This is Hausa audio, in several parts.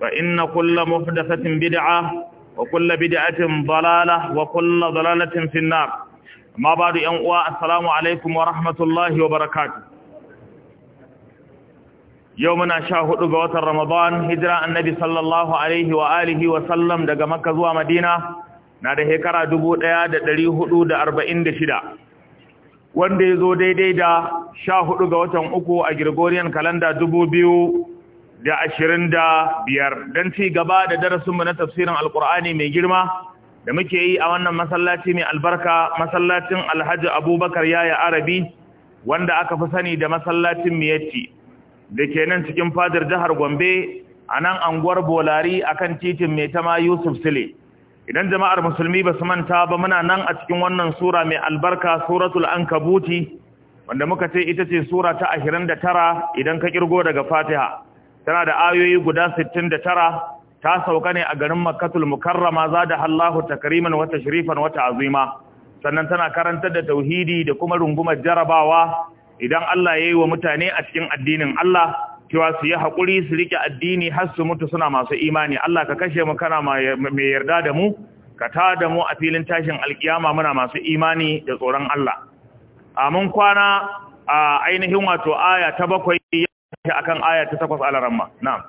فإن كل محدثة بدعة وكل بدعة ضلالة وكل ضلالة في النار ما بعد أنواع السلام عليكم ورحمة الله وبركاته يومنا شاهد قوات رمضان هجرة النبي صلى الله عليه وآله وسلم دقى مكة زوى مدينة نادي هكرا دبوت اياد دليه حدود أربعين دشدا wanda ya zo daidai da sha hudu ga watan uku a Gregorian kalanda dubu biyu da ashirin da biyar don ci gaba da darasinmu na tafsirin alkur'ani mai girma da muke yi a wannan masallaci mai albarka masallacin alhaji abubakar yaya arabi wanda aka fi sani da masallacin miyatti da ke nan cikin fadar jihar gombe a nan anguwar bolari a kan titin mai tama yusuf sile idan jama'ar musulmi ba su manta ba muna nan a cikin wannan sura mai albarka suratul ankabuti wanda muka ce ita ce sura ta ashirin da tara idan ka kirgo daga fatiha tana da ayoyi guda sittin da tara. ta sauka ne a garin makkatul mukarrama zada Allahu takriman wa tashrifan wa ta'zima sannan tana karantar da tauhidi da kuma rungumar jarabawa idan Allah ya yi wa mutane a cikin addinin Allah cewa su yi haƙuri su rike addini har su mutu suna masu imani Allah ka kashe mu kana mai yarda da mu ka ta da mu a filin tashin alkiyama muna masu imani da tsoron Allah a mun kwana a ainihin wato aya ta bakwai akan aya ta takwas alaramma na'am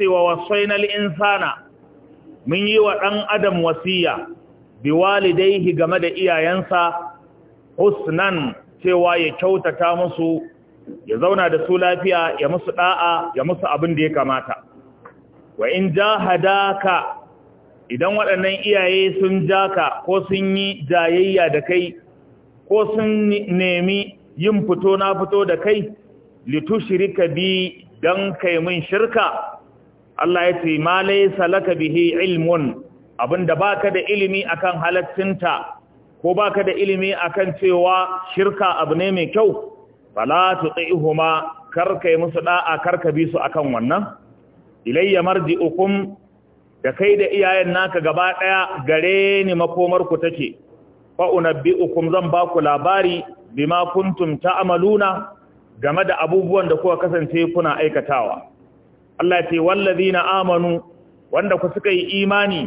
wa wasainal insana mun yi wa ɗan adam wasiya biwalidaihi game da iyayensa husnan cewa ya kyautata musu ya zauna da su lafiya ya musu da'a ya musu abin da ya kamata wa in jahadaka idan waɗannan iyaye sun jaka ko sun yi jayayya da kai ko sun nemi yin fito na fito da kai litu shirika bi don kai min shirka Allah ya ce ma laysa laka bihi ilmun abinda baka da ilimi akan halaccinta ko baka da ilimi akan cewa shirka abu ne mai kyau fala tuqihuma karka yi musu da'a karka bi su akan wannan ilayya marji'ukum da kai da iyayen naka gaba daya gare ni makomar ku take fa unabbi'ukum zan ba ku labari bima kuntum ta'maluna game da abubuwan da kuka kasance kuna aikatawa Allah ce na amanu wanda ku suka yi imani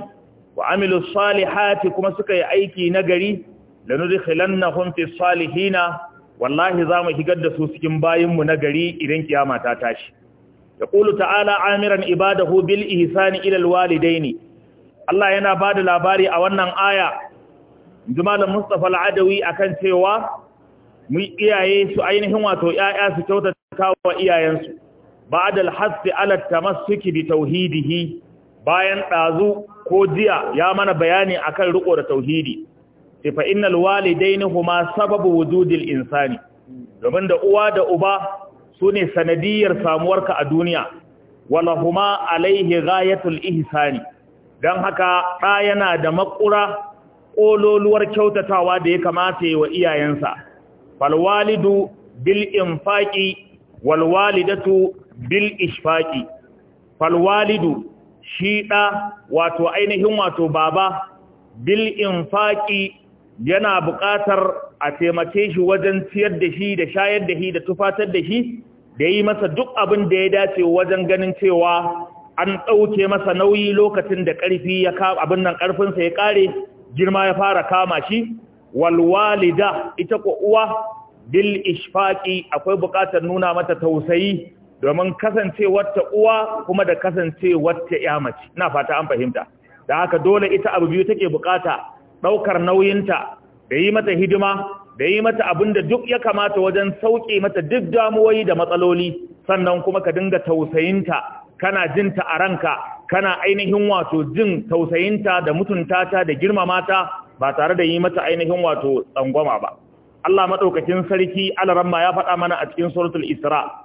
wa amilu salihati kuma suka yi aiki nagari lanudkhilannahum fi salihina wallahi zamu higar da su cikin bayinmu nagari idan kiyama ta tashi ƙulu ta'ala amiran ibadahu bil ihsani ilal walidai walidaini Allah yana bada labari a wannan aya Jumalan Mustafa al akan cewa mu iyaye su ainihin wato 'ya'ya su kyautata wa iyayensu ba'da al-hasbi ala tamassuki bi tauhidihi bayan ɗazu ko jiya ya mana bayani a kan riƙo da tauhidi sai fa innal walidaini huma sababu wujudil insani domin da uwa da uba sune sanadiyar samuwarka a duniya wala huma alaihi ghayatul ihsani Don haka ɗa yana da makura ƙololuwar kyautatawa da ya kamata yi wa iyayensa falwalidu bil in wal walidatu bil ishfaqi falwalidu shi ɗa wato ainihin wato baba bil infaqi yana buƙatar a taimake shi wajen ciyar da shi da shayar da shi da tufatar da shi da yi masa duk abin da ya dace wajen ganin cewa an ɗauke masa nauyi lokacin da ƙarfi ya abin nan ƙarfinsa ya ƙare girma ya fara kama shi walwalida ita ko uwa bil ishfaqi akwai buƙatar nuna mata tausayi domin kasance wata uwa kuma da kasance wata ya mace ina fata an fahimta da haka dole ita abu biyu take bukata daukar nauyinta da yi mata hidima da yi mata abin da duk ya kamata wajen sauke mata duk damuwoyi da matsaloli sannan kuma ka dinga tausayinta kana jinta a ranka kana ainihin wato jin tausayinta da mutunta ta da girmama ta ba tare da yi mata ainihin wato tsangwama ba Allah madaukakin sarki alaramma ya faɗa mana a cikin suratul isra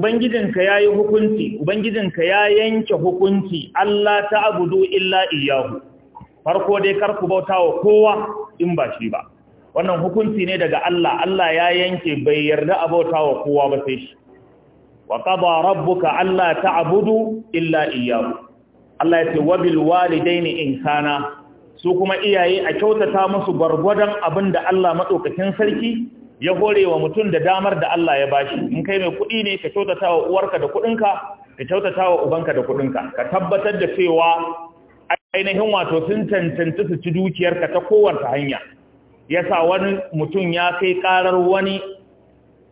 ubangijinka ya yi hukunci ubangijinka ya yanke hukunci Allah ta abudu illa iyahu farko dai kar ku bauta wa kowa in ba shi ba wannan hukunci ne daga Allah Allah ya yanke bai yarda a bauta wa kowa ba sai shi wa qada rabbuka alla ta'budu illa iyahu. Allah ya ce wabil walidaini kana. su kuma iyaye a kyautata musu gwargwadon abin da Allah matsokacin sarki ya hore wa mutum da damar da Allah ya bashi in kai mai kuɗi ne ka kyautata wa uwarka da kuɗinka ka kyautata wa ubanka da kuɗinka ka tabbatar da cewa ainihin wato sun cancanci su ci dukiyarka ta kowace hanya ya sa wani mutum ya kai ƙarar wani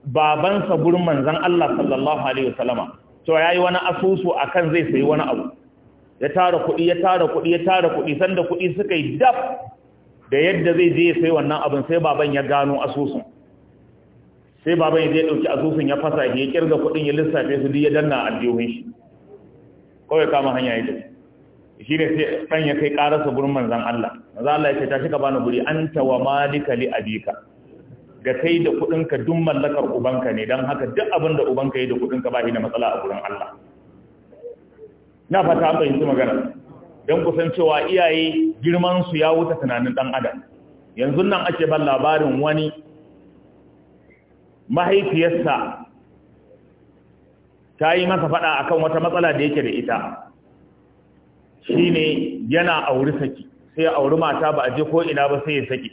babansa gurin manzan Allah sallallahu alaihi wasallama to ya yi wani asusu akan zai sayi wani abu ya tara kuɗi ya tara kuɗi ya tara kuɗi sanda kuɗi suka yi daf da yadda zai je ya sayi wannan abin sai baban ya gano asusun sai baban ya zai dauki asusun ya fasa ya kirga kuɗin ya lissafe su duk ya danna aljihun shi kawai kama hanya ya shi ne sai ɗan ya kai ƙararsa gurin manzan Allah manzan Allah ya ce tashi ka bani guri an tawa malika li abika ga kai da kuɗinka duk mallakar ubanka ne don haka duk abin da ubanka yi da kuɗinka ba shi da matsala a gurin Allah na fata an fahimci magana don kusan cewa iyaye girman su ya wuce tunanin ɗan adam yanzu nan ake ban labarin wani mahaifiyarsa ta yi masa faɗa kan wata matsala da yake da ita Shi ne yana auri saki sai ya auri mata ba a je ko ina ba sai ya saki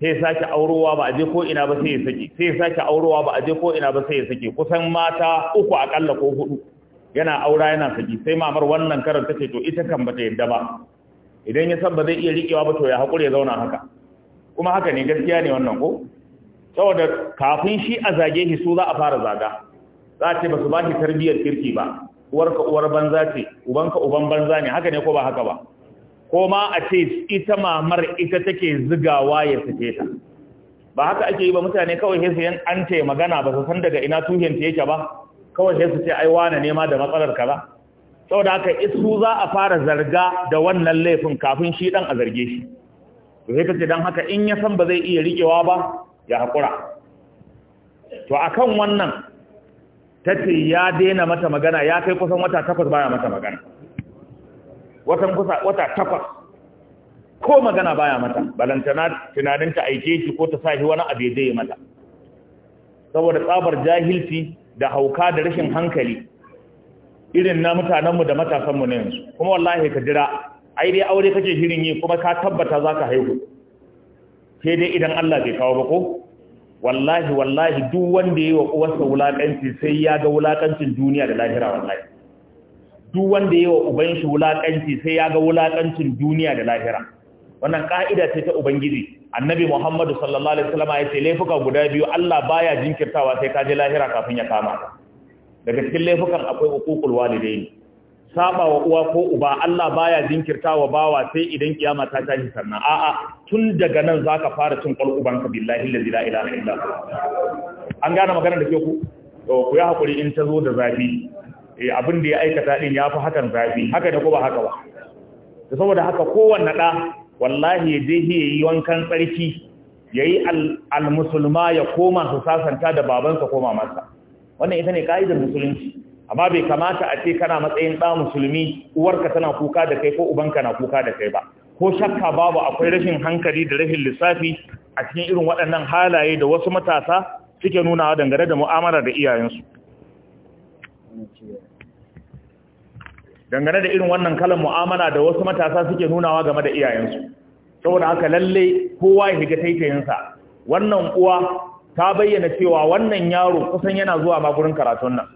sai ya sake aurowa ba a je ko ina ba sai ya saki sai ya sake aurowa ba a je ko ina ba sai ya saki kusan mata uku akalla ko hudu yana aura yana saki sai mamar wannan karar ce to ita kan bata yadda ba idan ya san ba zai iya riƙewa ba to ya haƙuri ya zauna haka kuma haka ne gaskiya ne wannan ko saboda kafin shi a zage shi su za a fara zaga za a ce ba su ba shi tarbiyyar kirki ba uwarka uwar banza ce ubanka uban banza ne haka ne ko ba haka ba ko ma a ce ita mamar ita take zigawa ya fice ta ba haka ake yi ba mutane kawai sai yan an ce magana ba su san daga ina ta yake ba kawai sai su ce ai wane ne da matsalar kaza saboda haka isu za a fara zarga da wannan laifin kafin shi dan a zarge shi sai ka ce dan haka in ya san ba zai iya rikewa ba ya hakura. to akan wannan ta ce ya daina mata magana ya kai kusan wata takwas baya mata magana watan kusa wata takwas ko magana baya mata balantana tunanin ta aike shi ko ta sahi wani abu zai mata saboda tsabar jahilci da hauka da rashin hankali irin na mutanenmu da matasanmu ne yanzu kuma wallahi ka jira ai dai aure kake shirin yi kuma ka tabbata za ka haihu sai dai idan Allah bai kawo ba ko wallahi wallahi duk wanda yayi wa uwarsa wulakanci sai ya ga wulakancin duniya da lahira wallahi duk wanda yayi wa uban shi wulakanci sai ya ga wulakancin duniya da lahira wannan ka'ida ce ta ubangiji annabi Muhammadu sallallahu alaihi wasallam ya ce laifuka guda biyu Allah baya jinkirtawa sai ka je lahira kafin ya kama daga cikin laifukan akwai uququl walidaini saba wa uwa ko uba Allah baya jinkirta wa bawa sai idan kiyama ta tashi sannan a'a tun daga nan zaka fara cin kwal ubanka billahi la ilaha illa an gane magana da ke ku to ku ya hakuri in ta zo da zafi eh abin da ya aikata din ya fi hakan zafi haka da ko ba haka ba to saboda haka kowanne da wallahi ya je yi wankan tsarki yayi al-musulma ya koma su sasanta da babansa ko mamansa. wannan ita ne ka'idar musulunci amma bai kamata a ce kana matsayin ɗa musulmi uwarka tana kuka da kai ko ubanka na kuka da kai ba ko shakka babu akwai rashin hankali da rashin lissafi a cikin irin waɗannan halaye da wasu matasa suke nunawa dangane da mu'amala da iyayensu dangane da irin wannan kalan mu'amala da wasu matasa suke nunawa game da iyayensu saboda haka lalle kowa ya shiga taitayinsa wannan uwa ta bayyana cewa wannan yaro kusan yana zuwa ma gurin karatun nan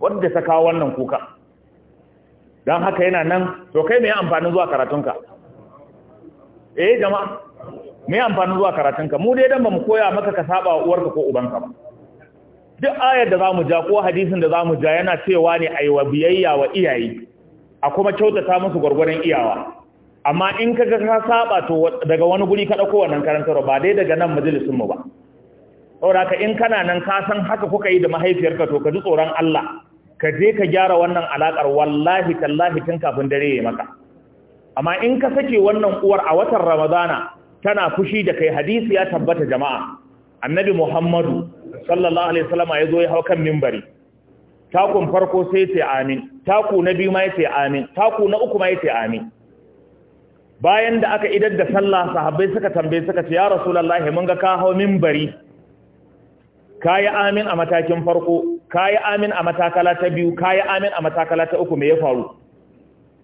wadda ta kawo wannan kuka don haka yana nan to kai mai amfanin zuwa karatunka eh jama'a mai amfanin zuwa karatunka mu dai dan ba mu koya maka ka saba wa uwarka ko ubanka ba duk ayar da za mu ja ko hadisin da za mu ja yana cewa ne a yi wa biyayya wa iyaye a kuma kyautata musu gwargwaron iyawa amma in ka ka saba to daga wani guri ka ɗauko wannan karantarwa ba dai daga nan mu ba saboda ka in kana nan ka san haka kuka yi da mahaifiyarka to ka ji tsoron Allah ka je ka gyara wannan alakar wallahi tallahi tun kafin dare ya maka amma in ka sake wannan uwar a watan ramadana tana fushi da kai hadisi ya tabbata jama'a annabi muhammadu sallallahu alaihi wasallam ya zo ya hau kan mimbari takun farko sai sai amin taku na biyu ma sai amin taku na uku ma sai amin bayan da aka idar da sallah sahabbai suka tambaye suka ce ya rasulullahi mun ga ka hau mimbari kayi amin a matakin farko kayi amin a matakala ta biyu kayi amin a matakala ta uku me ya faru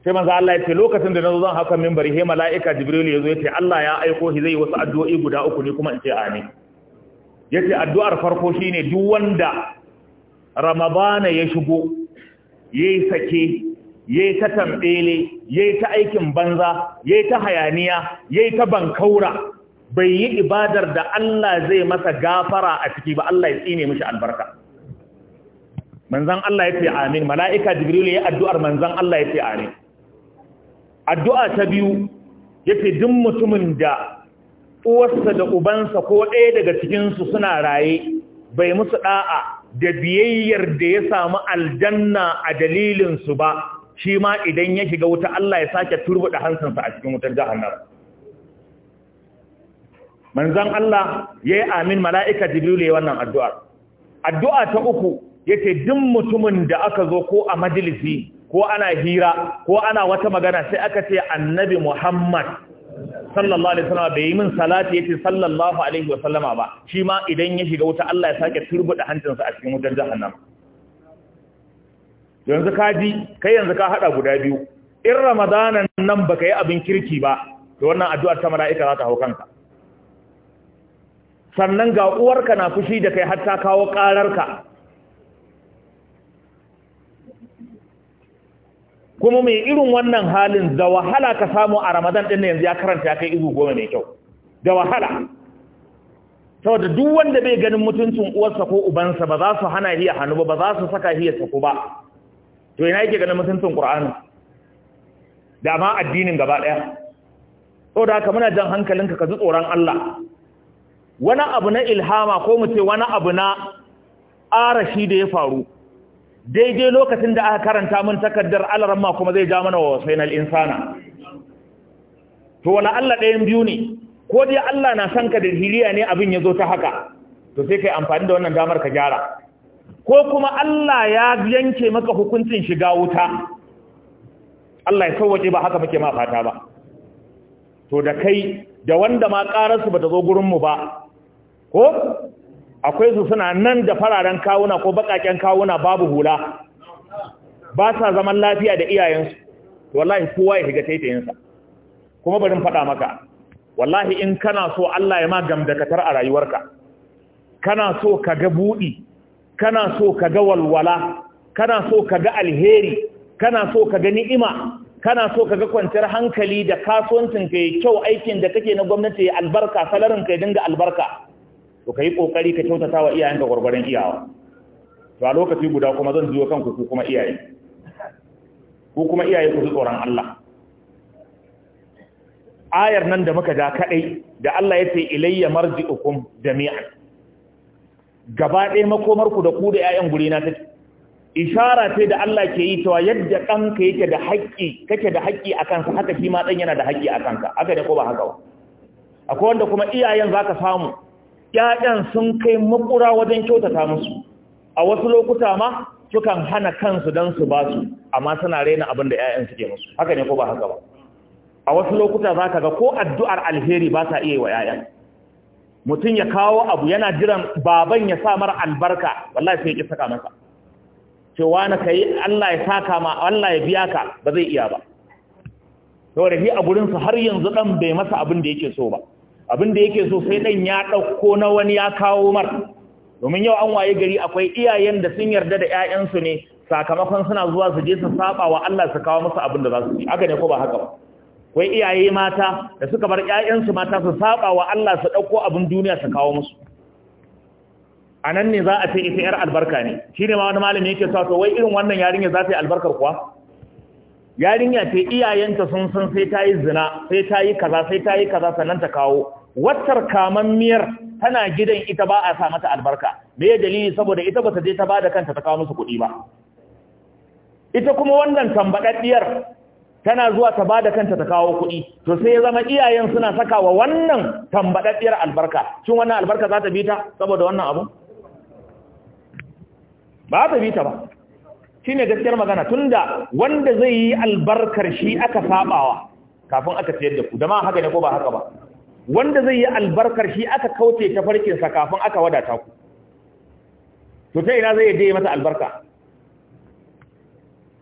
sai manzo Allah ya ce lokacin da nazo zan haka minbari he malaika jibril ya zo ya ce Allah ya aiko shi zai wasu addu'o'i guda uku ne kuma in ce amin yace addu'ar farko shine duk wanda ramadana ya shigo yayi sake yayi ta tambele yayi ta aikin banza yayi ta hayaniya yayi ta bankaura bai yi ibadar da Allah zai masa gafara a ciki ba Allah ya tsine mishi albarka manzan Allah ya ce amin mala'ika jibril ya addu'ar manzan Allah ya ce amin addu'a ta biyu yake duk mutumin da uwarsa da ubansa ko ɗaya daga cikinsu suna raye bai musu ɗa'a da biyayyar da ya samu aljanna a dalilinsu ba shi ma idan ya shiga wuta Allah ya sake turbuɗa hansansa a cikin wutar jahannar manzan Allah ya yi amin mala'ika jibril ya wannan addu'ar addu'a ta uku yace duk mutumin da aka zo ko a majalisi ko ana hira ko ana wata magana sai aka ce annabi Muhammad sallallahu alaihi wasallam bai yi min salati yace sallallahu alaihi wasallama ba shi ma idan ya shiga wuta Allah ya sake turbuda hancinsa a cikin wutar jahannama yanzu ka ji kai yanzu ka hada guda biyu in Ramadana nan baka yi abin kirki ba to wannan addu'ar ta mala'ika za ta hau kanka sannan ga uwarka na fushi da kai har ta kawo ka. kuma mai irin wannan halin da wahala ka samu a ramadan ɗin yanzu ya karanta ya kai izu goma mai kyau da wahala saboda duk wanda bai ganin mutuncin uwarsa ko ubansa ba za su hana hiya hannu ba ba za su saka hiya sako ba to ina yake ganin mutuncin qur'ani da ma addinin gaba daya saboda haka muna jan hankalinka ka ji tsoron Allah wani abu na ilhama ko mu ce wani abu na arashi da ya faru daidai lokacin da aka karanta mun takaddar alaramma kuma zai ja mana wa wasainal insana to wala Allah ɗayan biyu ne ko dai Allah na san ka da hiriya ne abin ya zo ta haka to sai kai amfani da wannan damar ka gyara ko kuma Allah ya yanke maka hukuncin shiga wuta Allah ya sauwaje ba haka muke ma fata ba to da kai da wanda ma ƙararsu ba ta zo gurinmu ba ko akwai su suna nan da fararen kawuna ko bakaken kawuna babu hula ba sa zaman lafiya da iyayensu wallahi kowa ya shiga taitayinsa kuma barin faɗa maka wallahi in kana so Allah ya ma gamdakatar a rayuwarka kana so ka ga buɗi kana so ka ga walwala kana so ka ga alheri kana so ka ga ni'ima kana so ka ga kwanciyar hankali da kasuwancin ka kyau aikin da kake na gwamnati albarka salarin ka dinga albarka to kai kokari ka kyautata wa iyayenka gwargwaron iyawa to a lokaci guda kuma zan jiyo kanku ku kuma iyaye ku kuma iyaye ku tsoron Allah ayar nan da muka ja kadai da Allah ya ce ilayya marji'ukum jami'an gaba ɗaya makomar ku da ku da ƴaƴan guri na take ishara ce da Allah ke yi cewa yadda ɗanka yake da haƙƙi kake da haƙƙi a kansa haka shi ma ɗan yana da haƙƙi a ka haka da ko ba haka ba akwai wanda kuma iyayen zaka samu ƴaƴan sun kai makura wajen kyautata musu a wasu lokuta ma sukan hana kansu don su ba su amma suna raina abin da ƴaƴan suke musu haka ne ko ba haka ba a wasu lokuta za ka ga ko addu'ar alheri ba sa iya yi wa ƴaƴan mutum ya kawo abu yana jiran baban ya sa mara albarka wallahi sai ya ƙi saka masa cewa na yi Allah ya saka ma Allah ya biya ka ba zai iya ba saboda shi a gurinsu har yanzu ɗan bai masa abin da yake so ba abin da yake so sai ɗan ya ɗauko na wani ya kawo mar domin yau an waye gari akwai iyayen da sun yarda da 'ya'yansu ne sakamakon suna zuwa su je su saba wa Allah su kawo musu abin da za su ci haka ne ko ba haka ba akwai iyaye mata da suka bar 'ya'yansu mata su saba wa Allah su ɗauko abin duniya su kawo musu a nan ne za a ce ita 'yar albarka ne shi ne ma wani malami yake sa to wai irin wannan yarinya za ta yi albarkar kuwa yarinya ta iyayenta sun san sai ta yi zina sai ta yi kaza sai ta yi kaza sannan ta kawo wattar kaman miyar tana gidan ita ba a sa mata albarka me ya dalili saboda ita ba ta je ta bada kanta ta kawo musu kuɗi ba ita kuma wannan tambadaddiyar tana zuwa ta bada kanta ta kawo kuɗi to sai ya zama iyayen suna saka wa wannan tambadaddiyar albarka shin wannan albarka za ta bi ta saboda wannan abu ba ta bi ta ba shi ne gaskiyar magana tunda wanda zai yi albarkar shi aka sabawa kafin aka tsayar da ku da ma haka ne ko ba haka ba wanda zai yi albarkar shi aka kauce ta sa kafin aka wadata ku to ta ina zai yi mata albarka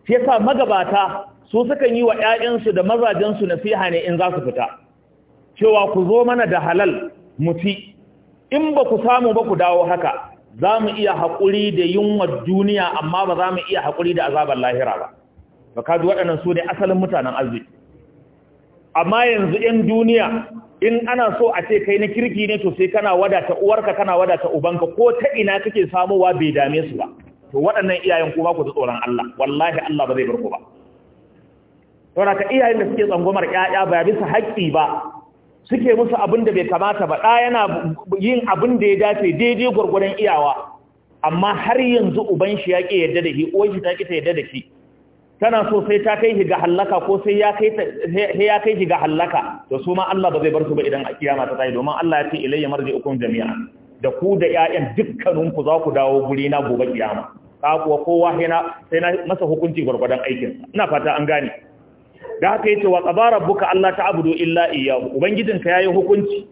shi yasa magabata su sukan yi wa 'ya'yansu da mazajensu nasiha ne in za su fita cewa ku zo mana da halal muti, in ba ku samu ba ku dawo haka za mu iya haƙuri da yunwar duniya amma ba za mu iya haƙuri da azabar lahira ba ba ka ji waɗannan su ne asalin mutanen arziki amma yanzu 'yan duniya in ana so a ce kai na kirki ne to sai kana wadata uwarka kana wadata ubanka ko ta ina kake samowa bai dame su ba to waɗannan iyayen kuma ku tsoron Allah wallahi Allah ba zai bar ku ba saboda iyayen da suke tsangwamar ƴaƴa ba bisa haƙƙi ba suke musu abin da bai kamata ba ɗaya yana yin abin da ya dace daidai gwargwadon iyawa amma har yanzu uban shi ya ƙi yadda da shi uwan shi ta ƙi ta yadda da shi tana so sai ta kai shi ga hallaka ko sai ya kai shi ga hallaka Da su ma Allah ba zai bar su ba idan a kiyama ta tsaye domin Allah ya ce ilayya ukun jami'a. da ku da ƴaƴan dukkaninku za ku dawo guri na gobe kiyama ka kuwa kowa sai na masa hukunci gwargwadon aikin. ina fata an gane da haka yace wa qabara rabbuka Allah ta'budu illa iyyahu ya yayi hukunci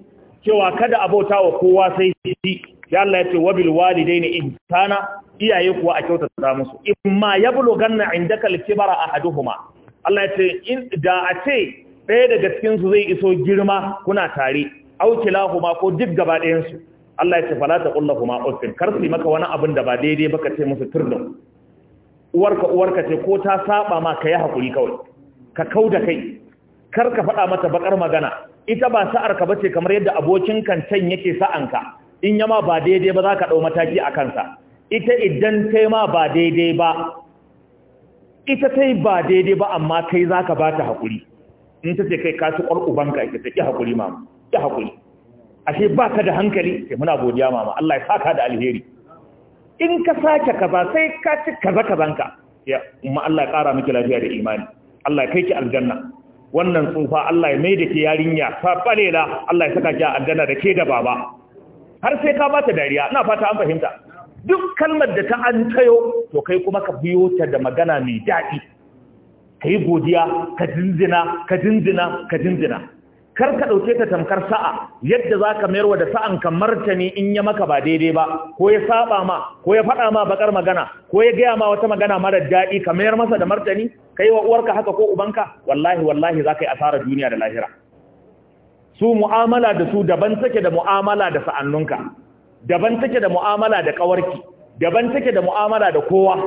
cewa kada abota wa kowa sai shi ya Allah yace wa bil walidaini ihsana iyaye kuwa a kyautata musu imma yablughanna indaka al-kibara ahaduhuma Allah yace in da a ce ɗaya daga cikin su zai iso girma kuna tare au kilahuma ko duk gaba ɗayan su Allah yace fala taqul uffin kar su maka wani abin da ba daidai ba ka ce musu turdo uwarka uwarka ce ko ta saba ma kai hakuri kawai ka kau da kai kar ka faɗa mata bakar magana ita ba sa'ar ka bace kamar yadda abokin kancan yake sa'anka in yama ba daidai ba za ka ɗau mataki a kansa ita idan ta ma ba daidai ba ita ta ba daidai ba amma kai za ka ba ta haƙuri in ta ce kai kasu ƙwarƙubanka ita ta ƙi haƙuri ma ƙi haƙuri ashe ba ka da hankali sai muna godiya mama Allah ya saka da alheri in ka sake kaza sai ka ci kaza kazanka ya umma Allah ya ƙara miki lafiya da imani Allah kai ki aljanna wannan tsufa Allah ya mai da ke yarinya ta balela Allah ya saka ki a aljanna da ke da baba har sai ka bata dariya ina fata an fahimta duk kalmar da ta an tayo to kai kuma ka biyo ta da magana mai daɗi ka yi godiya ka dinzina ka dinzina ka dinzina kar ka ɗauke ta tamkar sa'a yadda za ka mayarwa da sa'an ka martani in ya maka ba daidai ba ko ya saba ma ko ya faɗa ma bakar magana ko ya gaya ma wata magana mara daɗi ka mayar masa da martani ka yi wa uwarka haka ko ubanka wallahi wallahi za ka yi asara duniya da lahira su mu'amala da su daban take da mu'amala da sa'annunka daban take da mu'amala da ƙawarki daban take da mu'amala da kowa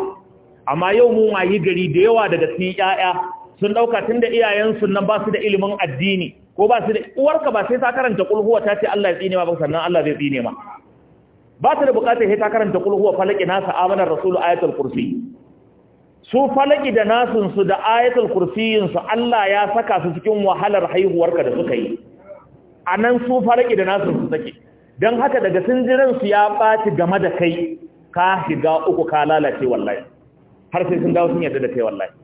amma yau mu wayi gari da yawa daga cikin 'ya'ya sun ɗauka tun da iyayensu nan ba su da ilimin addini ko ba su da uwarka ba sai ta karanta kulhuwa ta ce Allah ya tsine ma ba sannan Allah zai tsine ma ba ta da bukatar sai ta karanta kulhuwa falaki nasa amanar rasulu ayatul kursi su falaki da nasu su da ayatul kursiyin su Allah ya saka su cikin wahalar haihuwarka da suka yi anan su falaki da nasu su take dan haka daga sinjiran su ya baci game da kai ka shiga uku ka lalace wallahi har sai sun dawo sun yarda da kai wallahi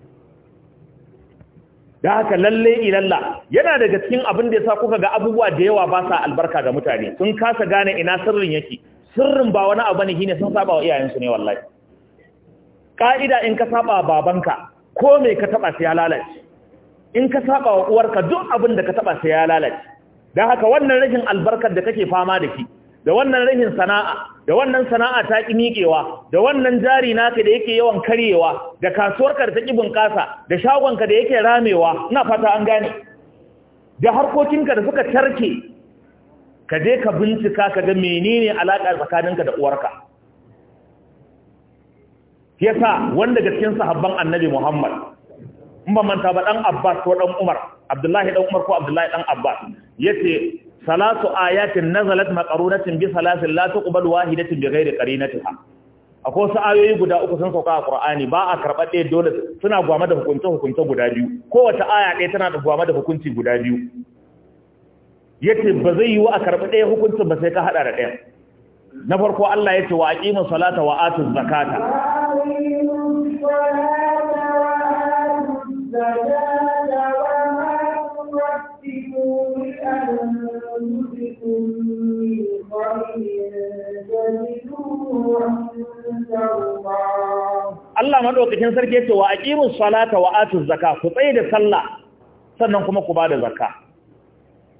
da haka lalle ilalla yana daga cikin abin da ya sa kuka ga abubuwa da yawa ba sa albarka ga mutane sun kasa gane ina sirrin yake sirrin ba wani abu ne shine sun saba wa iyayensu ne wallahi ka'ida in ka saba babanka ko me ka taba sai ya lalace in ka saba wa uwarka duk abin da ka taba sai ya lalace dan haka wannan rashin albarkar da kake fama da shi da wannan rahin sana'a da wannan sana'a ta ki miƙewa da wannan jari naka da yake yawan karyewa da kasuwarka da ta ki bunƙasa da shagonka da yake ramewa ina fata an gane da harkokinka da suka tarke ka je ka bincika ka ga menene alaƙa tsakaninka da uwarka yasa wanda daga cikin sahabban annabi Muhammad in ba manta ba dan Abbas ko dan Umar Abdullahi dan Umar ko Abdullahi dan Abbas yace salatu ayatin nazalat maqarunatin bi salasin la tuqbal wahidatin bi ghairi qarinatiha akwai wasu ayoyi guda uku sun sauka a Qur'ani ba a karɓa ɗaya dole suna gwama da hukunce hukunce guda biyu kowace aya ɗaya tana da gwama da hukunci guda biyu yace ba zai yiwu a karɓi ɗaya hukuncin ba sai ka haɗa da ɗaya na farko Allah yace wa aqimu salata wa atu zakata wa aqimu salata wa atu zakata Allah maɗaukacin sarki yace wa aqimus salata wa atuz ku tsaye da sallah sannan kuma ku bada zaka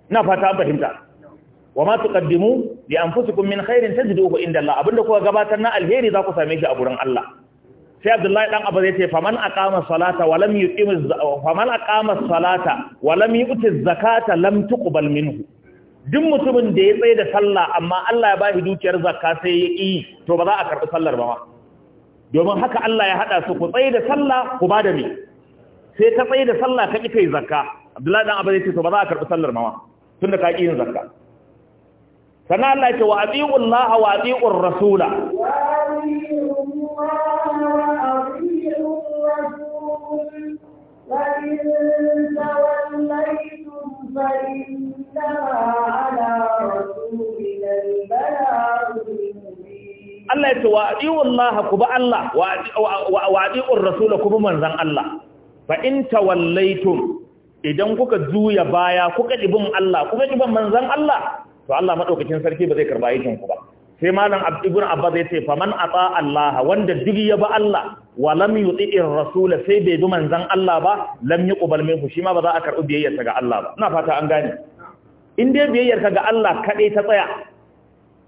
na fata an fahimta wa ma fi li anfusikum min ta tajiduhu inda Allah abinda kuka gabatar na alheri za ku same shi a gurin Allah sai abdullahi dan abu zai ce faman aqama salata wa lam yuqim faman aqama salata wa lam yuti zakata lam tuqbal minhu duk mutumin da ya tsaye da sallah amma Allah ya bashi dukiyar zakka sai ya yi to ba za a karbi sallar ba ma domin haka Allah ya hada su ku tsaye da sallah ku ba da me sai ka tsaye da sallah ka kai zakka abdullahi dan abu zai ce to ba za a karbi sallar ma ma tunda ka yi yin zakka sannan Allah ya ce wa atiiu Allah wa atiiu rasula Allah ya ce wa’adiwun Allah ku ba Allah, Wa wa’adiwun Rasulu ku manzan Allah, ba in tawallaitun idan kuka juya baya kuka ibin Allah, kuka ibin manzan Allah, to Allah maɗaukacin sarki ba zai karba yakin ku ba. Sai malin Abdullahi Abba zai ce, man a Allah, wanda duk ya ba Allah, wa lam yuti'ir rasul sai bai bi manzan Allah ba lam yuqbal minhu shi ma ba za a karbi biyayyarsa ga Allah ba ina fata an gane in dai biyayyarka ga Allah kadai ta tsaya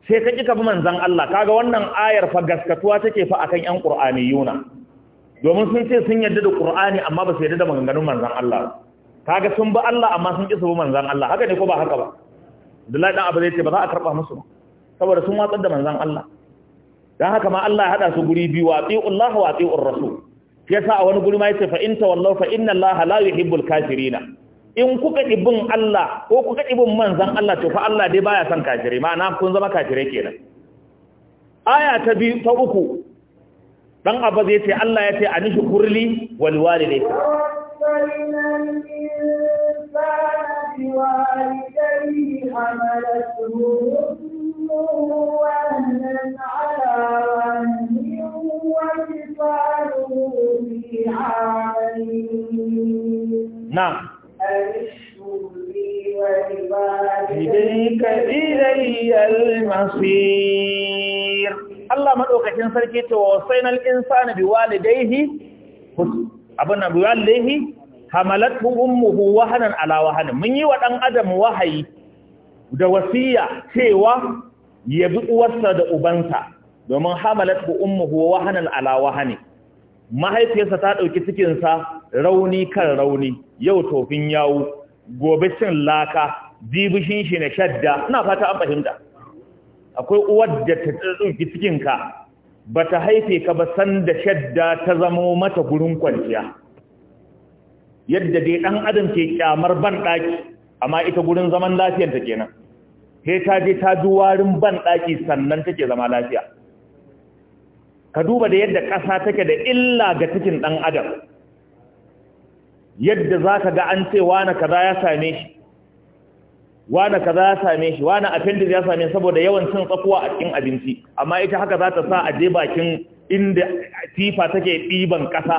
sai ka kika bi manzan Allah kaga wannan ayar fa gaskatuwa take fa akan yan qur'aniyuna domin sun ce sun yarda da qur'ani amma ba su yarda da maganganun manzan Allah kaga sun bi Allah amma sun ki su bi manzan Allah haka ne ko ba haka ba Abdullahi dan Abu zai ce ba za a karba musu ba saboda sun watsar da manzan Allah dan haka ma Allah ya haɗa su guri biyu wa Allah wa atiur rasul yasa a wani guri ma ya ce in tawallaw fa inna Allah la yuhibbul kafirina in kuka bin Allah ko kuka dibin manzan Allah to fa Allah dai baya son kafire ma'ana kun zama kafire kenan aya ta biyu ta uku dan abu zai ce Allah ya ce a nishi kurli wal ne. وَالْإِنسَانَ بِوَالِدَيْهِ وهنا على وهن Allah في sarki ta إليك إلي المصير الله مدوكتين سركي توصينا الإنسان بوالديه abin abuwallehi hamalatu ummuhu wahanan ala wahanin mun yi wa ɗan adam wahayi da wasiya cewa ya bi uwarsa da ubansa domin hamalat bu ummuhu wa wahanan ala wahani mahaifiyarsa ta dauki cikin sa rauni kan rauni yau tofin yawo gobe cin laka dibishin shi na shadda ina fata an fahimta akwai uwar da ta dauki cikin ka bata haife ka ba san da shadda ta zamo mata gurin kwanciya yadda dai dan adam ke kyamar ban daki amma ita gurin zaman lafiyarta kenan sai ta je ta ji warin ban ɗaki sannan take zama lafiya ka duba da yadda ƙasa take da illa ga cikin ɗan adam yadda za ka ga an ce wane kaza ya same shi wane kaza ya same shi wane appendix ya same saboda yawan cin tsakuwa a cikin abinci amma ita haka za ta sa a je bakin inda tifa take ɗiban ƙasa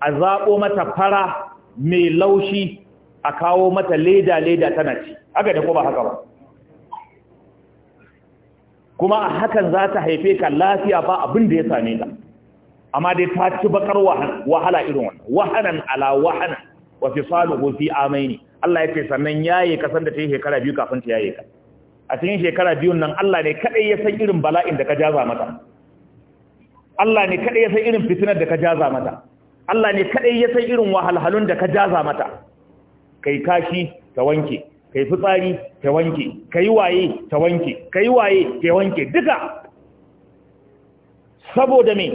a zaɓo mata fara mai laushi a kawo mata leda-leda tana ci haka da ba haka ba kuma a hakan za ta haife ka lafiya ba abin da ya same ka amma dai ta ci bakar wahala irin wannan wahanan ala wahana wa fi saluhu fi amaini Allah ya ce sannan yaye ka san da ta yi shekara biyu kafin ta yaye ka a cikin shekara biyun nan Allah ne kadai ya san irin bala'in da ka jaza mata Allah ne kadai ya san irin fitinar da ka jaza mata Allah ne kadai ya san irin wahalhalun da ka jaza mata kai kashi ta wanke kai fitsari ka wanke kai waye ta wanke kai waye ta wanke duka saboda me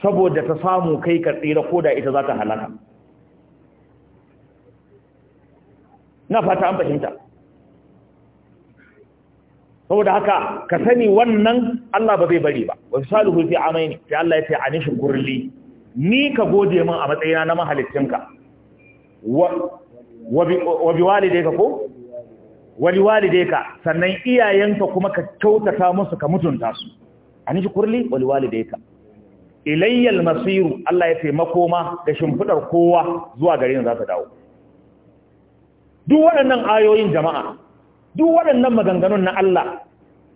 saboda ta samu kai ka tsira ko da ita za ta halaka na fata an fahimta saboda haka ka sani wannan Allah ba zai bari ba wasu salihu fi amaini sai Allah ya ce a gurli ni ka gode min a matsayina na wa. wa bi walidayka ko wali walidayka sannan iyayenka kuma ka kyautata musu ka mutunta su an kurli wali walidayka ilayyal masiru Allah ya taimako ma da shimfidar kowa zuwa garin za ta dawo duk waɗannan ayoyin jama'a duk waɗannan maganganun na Allah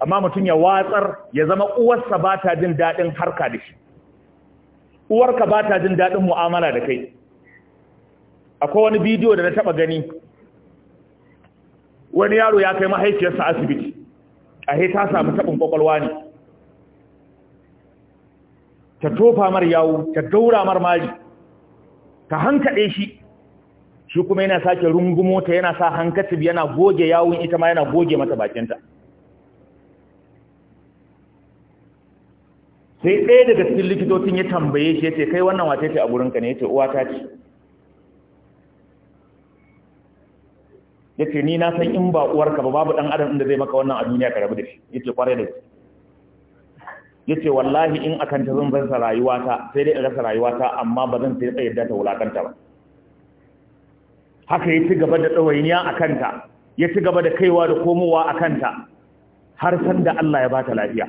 amma mutum ya watsar ya zama uwarsa ba ta jin daɗin harka da shi uwarka ba ta jin daɗin mu'amala da kai akwai wani bidiyo da na taba gani wani yaro ya kai mahaifiyarsa asibiti a ta samu taɓin ƙwaƙwalwa ne ta tofa mar yawo ta daura mar mari ta hankaɗe shi shi kuma yana sake rungumo ta yana sa hankacin yana goge yawon ita ma yana goge mata bakinta sai ɗaya daga cikin likitocin ya tambaye shi ya ce kai wannan wata ce a gurinka ne ya ce uwa ta ce Ya ce ni na san in ba uwarka ba babu dan adam inda zai maka wannan a duniya ka rabu da shi Ya ce kware da shi ce wallahi in a kanta zan zarsa rayuwata sai dai in rasa rayuwata amma ba zan sai yadda da ta wulakanta ba haka ya ci gaba da tsawainiya a kanta ya ci gaba da kaiwa da komowa a kanta har san da Allah ya ba ta lafiya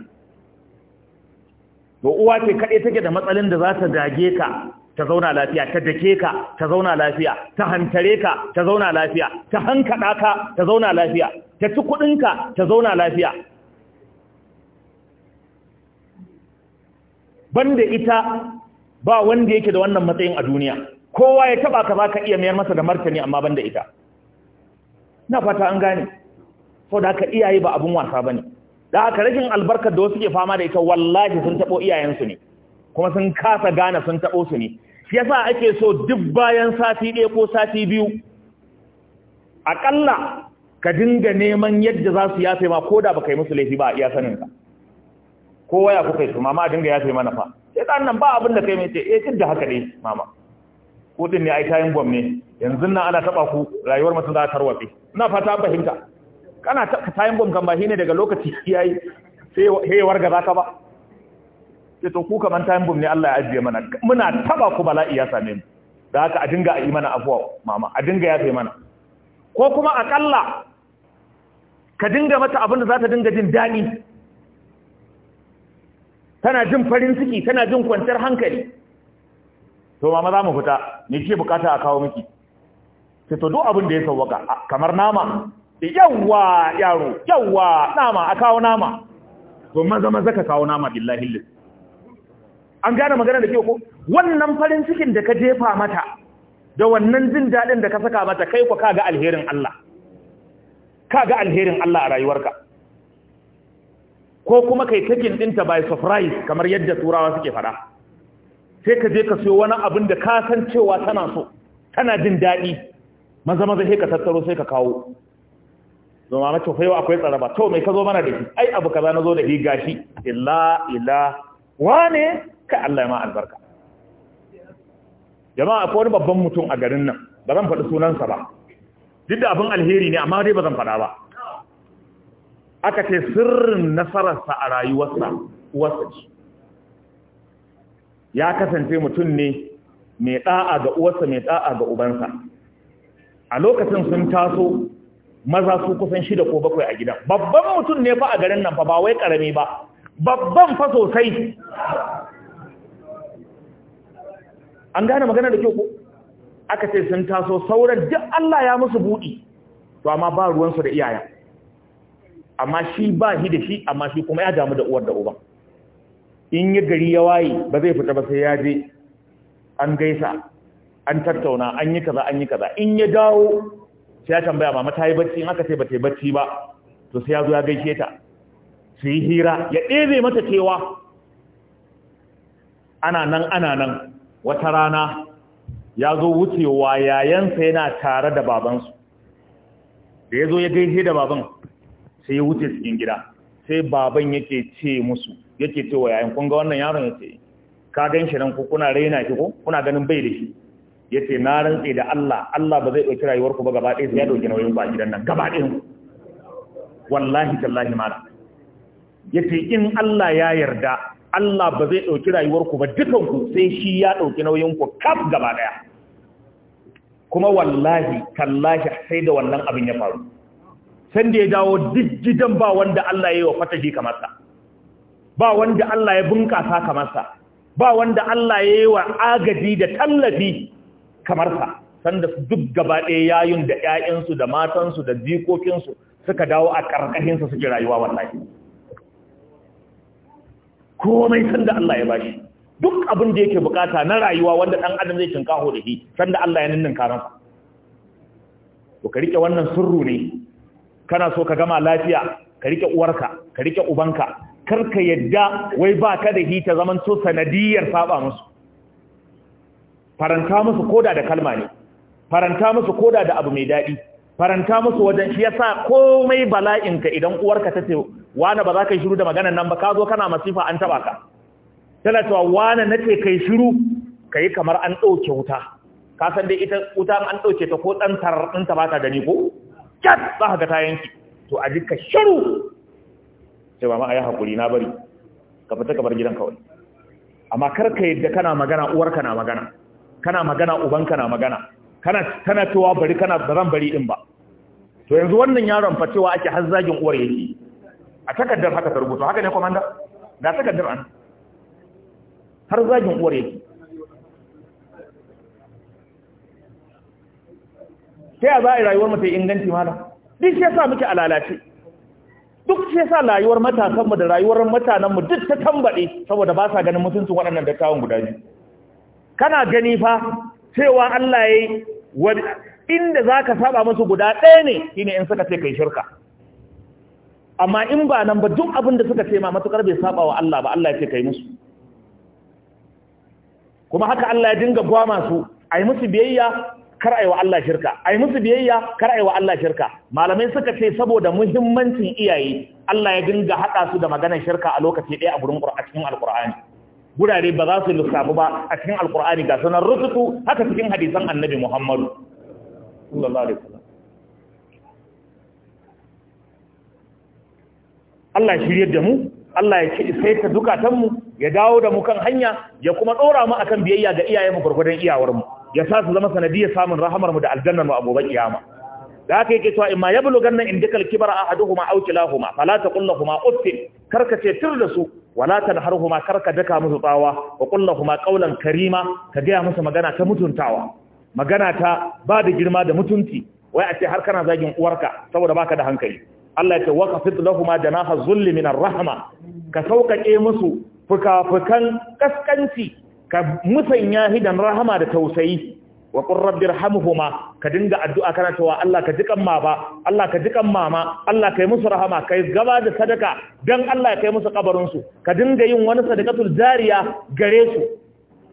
to uwa ce kaɗai take da matsalin da za ta dage ka ta zauna lafiya ta dake ka ta zauna lafiya ta hantare ka ta zauna lafiya ta hankada ka ta zauna lafiya ta ci kudinka ta zauna lafiya banda ita ba wanda yake da wannan matsayin a duniya kowa ya taba ka baka iya mayar masa da martani amma banda ita na fata an gane saboda haka iyaye ba abun wasa bane da haka rashin albarkar da wasu ke fama da ita wallahi sun tabo iyayensu ne kuma sun kasa gane sun taɓo su ne shi yasa ake so duk bayan sati ɗaya ko sati biyu aƙalla ka dinga neman yadda za su yafe ma ko da ba ka yi musu laifi ba a iya sanin ka. Ko waya kuka yi su mama dinga yafe mana fa sai ɗan nan ba abin da kai mai ce eh da haka ne mama kudin ne ai tayin gwam ne yanzu nan ana taɓa ku rayuwar mutum za ta tarwatse ina fata fahimta kana ta tayin gwam kan ba ne daga lokaci yi sai hewar ga ka ba sai to ku kaman time ne Allah ya ajiye mana muna taba ku bala'i ya same mu da haka a dinga yi mana afuwa mama a dinga ya yafe mana ko kuma akalla ka dinga mata abin da za ta dinga jin daɗi tana jin farin ciki tana jin kwantar hankali to mama za mu fita me ke bukata a kawo miki sai to duk abin da ya sauwaka kamar nama yawwa yaro yawwa nama a kawo nama to maza maza ka kawo nama billahi lillahi an gane magana da kyau ko wannan farin cikin da ka jefa mata da wannan jin daɗin da ka saka mata kai ku kaga alherin Allah kaga alherin Allah a rayuwarka ko kuma kai takin ɗinta by surprise kamar yadda turawa suke fada sai ka je ka siyo wani abin da ka san cewa tana so tana jin daɗi maza maza sai ka tattaro sai ka kawo zama mace fa yau akwai tsaraba to mai ka zo mana da shi ai abu kaza na zo da shi gashi illa illa wane kai Allah ya ma albarka jama'a akwai wani babban mutum a garin nan ba zan faɗi sunansa ba duk da abin alheri ne amma dai ba zan faɗa ba aka ce sirrin nasararsa a rayuwarsa uwarsa ce ya kasance mutum ne mai ɗa'a ga uwarsa mai ɗa'a ga ubansa a lokacin sun taso maza su kusan shida ko bakwai a gidan babban mutum ne fa a garin nan fa ba wai karami ba babban fa sosai an gane magana da kyau ko aka ce sun taso sauran duk Allah ya musu buɗi to amma ba ruwansu da iyayen amma shi ba shi da shi amma shi kuma ya damu da uwar da uban in yi gari ya waye ba zai fita ba sai ya je an gaisa an tattauna an yi kaza an yi kaza in ya dawo sai ya tambaya mama ta yi bacci in aka ce ba ta yi bacci ba to sai ya zo ya gaishe ta su yi hira ya ɗebe mata cewa ana nan ana nan wata rana ya zo wucewa yayansa yana tare da babansu da ya zo ya gaishe da baban sai ya wuce cikin gida sai baban yake ce musu yake ce wa yayan kun ga wannan yaron ya ce ka gan shi nan ko kuna raina shi ko kuna ganin bai da shi ya ce na rantse da Allah Allah ba zai ɗauki rayuwarku ba gaba ɗaya sai ya ɗauki nauyin ba gidan nan gaba ɗaya wallahi tallahi Mara ya ce in Allah ya yarda Allah ba zai ɗauki rayuwarku ba dukanku sai shi ya ɗauki nauyinku kaf gaba ɗaya kuma wallahi tallahi sai da wannan abin ya faru san da ya dawo gidan ba wanda Allah ya yi wa fatahi kamar sa ba wanda Allah ya bunƙasa kamar sa ba wanda Allah ya yi wa agadi da tallafi kamar sa san da duk gaba ɗaya yayin da ƴaƴansu da matansu da jikokinsu suka dawo a su suke rayuwa wallahi komai sanda Allah ya bashi duk abin da yake bukata na rayuwa wanda dan adam zai tinkaho da shi sanda Allah ya karan ransa to ka rike wannan sirru ne kana so ka gama lafiya ka rike uwarka ka rike ubanka kar ka yadda wai ba ka da hita zaman to sanadiyar saba musu faranta musu koda da kalma ne faranta musu koda da abu mai daɗi faranta musu wajen shi yasa komai bala'inka idan uwarka ta ce wane ba za ka yi shiru da maganan nan ba ka zo kana masifa an taba ka tana cewa wane na ce kai shiru ka yi kamar an ɗauke wuta ka san dai ita wuta an ɗauke ta ko ɗan ta ba ta gani ko kyat za ka ga ta yanki to a jika shiru sai ba ma a yi haƙuri na bari ka fita ka bar gidan kawai amma kar ka yadda kana magana uwarka na magana kana magana ubanka na magana kana tana cewa bari kana ba zan bari ɗin ba to yanzu wannan yaron fa cewa ake har zagin uwar yake a takardar haka ta rubuta haka ne komanda da takardar an har zagin uwar yake ta ya za a yi rayuwar mata yi inganci mana duk shi sa muke alalace duk shi sa rayuwar matasanmu da rayuwar mutanenmu duk ta tambaɗe saboda ba sa ganin mutuncin waɗannan dattawan guda biyu kana gani fa cewa Allah ya yi inda za ka saba musu guda ɗaya ne shine in suka ce kai shirka amma in ba nan ba duk abin da suka ce ma matukar bai saba wa Allah ba Allah ya ce kai musu kuma haka Allah ya dinga gwama su ai musu biyayya kar ai wa Allah shirka ai musu biyayya kar ai wa Allah shirka malamai suka ce saboda muhimmancin iyaye Allah ya dinga haɗa su da maganar shirka a lokaci ɗaya a gurin a cikin alqur'ani gurare ba za su lissafu ba a cikin Alƙur'ani ga sunan rusutu haka cikin hadisan annabi Muhammadu sallallahu alaihi Allah shiryar da mu Allah ya ce sai ta dukatanmu ya dawo da mu kan hanya ya kuma tsora mu akan biyayya ga iyayenmu gurgurdan iyawarmu ya sa su zama sanadiyar samun rahamar mu da aljannar mu abuban iyama da haka yake cewa imma yablughan nan indikal kibara ahaduhuma aw kilahuma fala taqul lahumā uffin karka ce tur da su wala kar karka daka musu tsawa wa qul lahumā qawlan karima ka ga musu magana ta mutuntawa magana ta ba da girma da mutunci wai a ce har kana zagin uwarka saboda baka da hankali Allah ya ce wa kafit lahuma janaha zulli minar rahma ka sauƙaƙe musu fukafukan kaskanci ka musanya hidan rahama da tausayi wa qur rabbirhamhuma ka dinga addu'a kana cewa Allah ka jikan ba. Allah ka jikan mama Allah kai musu rahama kai gaba da sadaka dan Allah kai musu kabarin su ka dinga yin wani sadakatun jariya gare su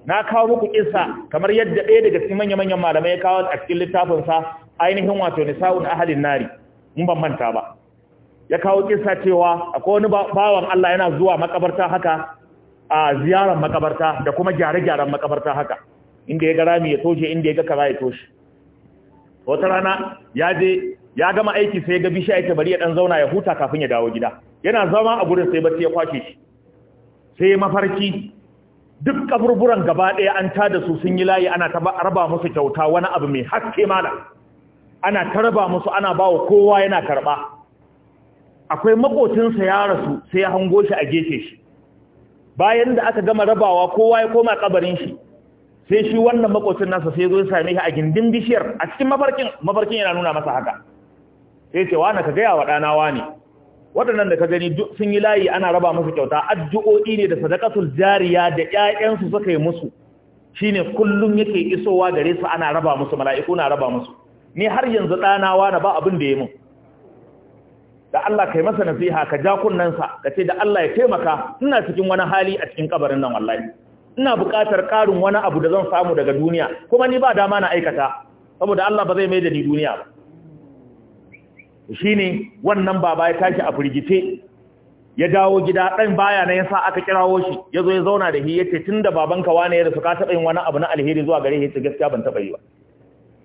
na kawo muku kissa kamar yadda ɗaya daga cikin manya-manyan malamai ya kawo a cikin littafin sa ainihin wato nisaun ahalin nari mun ban manta ba ya kawo kisa cewa akwai wani bawan Allah yana zuwa makabarta haka a ziyarar makabarta da kuma gyare-gyaren makabarta haka inda ya ga rami ya toshe inda ya ga kaza ya toshe wata rana ya je ya gama aiki sai ga bishiya yake bari ya dan zauna ya huta kafin ya dawo gida yana zama a gurin sai bacci ya kwashe shi sai mafarki duk kaburburan gaba ɗaya an tada su sun yi layi ana ta raba musu kyauta wani abu mai haske mala ana ta raba musu ana bawa kowa yana karɓa. akwai makocinsa ya rasu sai ya hango shi a gefe shi bayan da aka gama rabawa kowa ya koma kabarin shi sai shi wannan makocin nasa sai zo ya same shi a gindin bishiyar a cikin mafarkin mafarkin yana nuna masa haka sai ce wani ka gaya wa ɗana wani waɗannan da ka gani duk sun yi layi ana raba musu kyauta addu'o'i ne da sadakatul jariya da ƴaƴansu suka yi musu shine kullum yake isowa gare su ana raba musu mala'iku na raba musu ni har yanzu ɗana na ba abin da ya mun da Allah kai masa nasiha ka ja kunnansa ka ce da Allah ya taimaka ina cikin wani hali a cikin kabarin nan wallahi ina buƙatar ƙarin wani abu da zan samu daga duniya kuma ni ba dama na aikata saboda Allah ba zai mai da ni duniya ba shine wannan baba ya tashi a firgice ya dawo gida ɗan baya na yasa aka kirawo shi ya zo ya zauna da shi yace ce tun babanka wane ya rasu ka taɓa yin wani abu na alheri zuwa gare shi gaskiya ban taɓa yi ba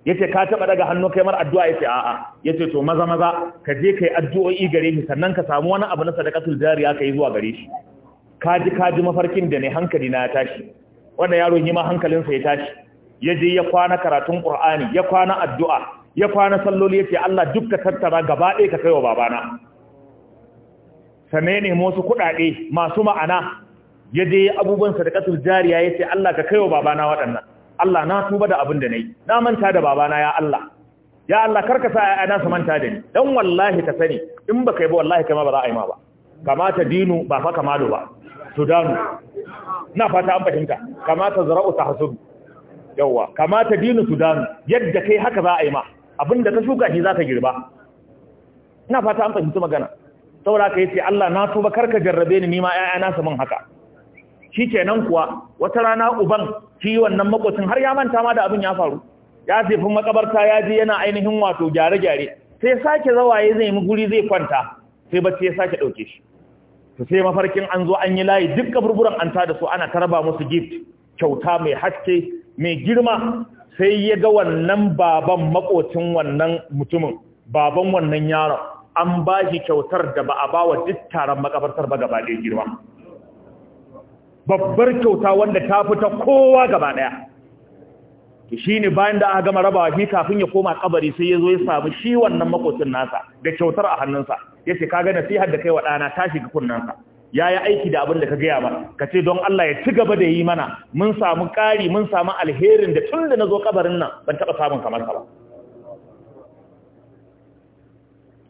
Ya ce ka taɓa daga hannu kai mar addu'a yace a'a yace to maza maza ka je kai addu'o'i gare shi sannan ka samu wani abu na sadaqatul jariya kai zuwa gare shi kaji kaji mafarkin da ne hankali na ya tashi Wanda yaro yi ma hankalinsa ya tashi ya je ya kwana karatun qur'ani ya kwana addu'a ya kwana salloli yace Allah dukka tattara gaba ɗaya ka kaiwa babana sanne ne kuɗaɗe masu ma'ana ya je abubuwan sadaqatul jariya yace Allah ka kaiwa babana waɗannan Allah na tuba da abin da na yi na manta da babana ya Allah ya Allah karka sa na su manta da ni dan wallahi ka sani in baka yi ba wallahi kai ma ba za a yi ma ba kamata dinu ba fa kamalo ba sudanu na fata an fahimta kamata zara'u tahsud yawa kamata dinu sudanu yadda kai haka za a yi ma da ka shuka shi zaka girba na fata an fahimta magana saboda kai sai Allah na tuba karka jarrabe ni ni ma na su mun haka shi nan kuwa wata rana uban shi wannan makocin har ya manta ma da abin ya faru ya sefin makabarta ya je yana ainihin wato gyare-gyare sai sake zawaye zai mu guri zai kwanta sai bacci ya sake ɗauke shi to sai mafarkin an zo an yi layi duk kaburburan an da su ana tarba musu gift kyauta mai haske mai girma sai ya ga wannan baban makocin wannan mutumin baban wannan yaron an ba shi kyautar da ba a ba wa duk taron makabartar ba gaba ɗaya girma babbar kyauta wanda ta fita kowa gaba daya shi ne bayan da aka gama rabawa shi kafin ya koma kabari sai ya zo ya samu shi wannan makocin nasa da kyautar a hannunsa Ya ce kaga nasihar da kai wa ɗana ta shiga kunnansa yi aiki da abin da ka gaya mana ce don Allah ya ci gaba da yi mana mun samu ƙari mun samu alherin da tun da na zo kabarin nan ban taɓa samun kamar ka ba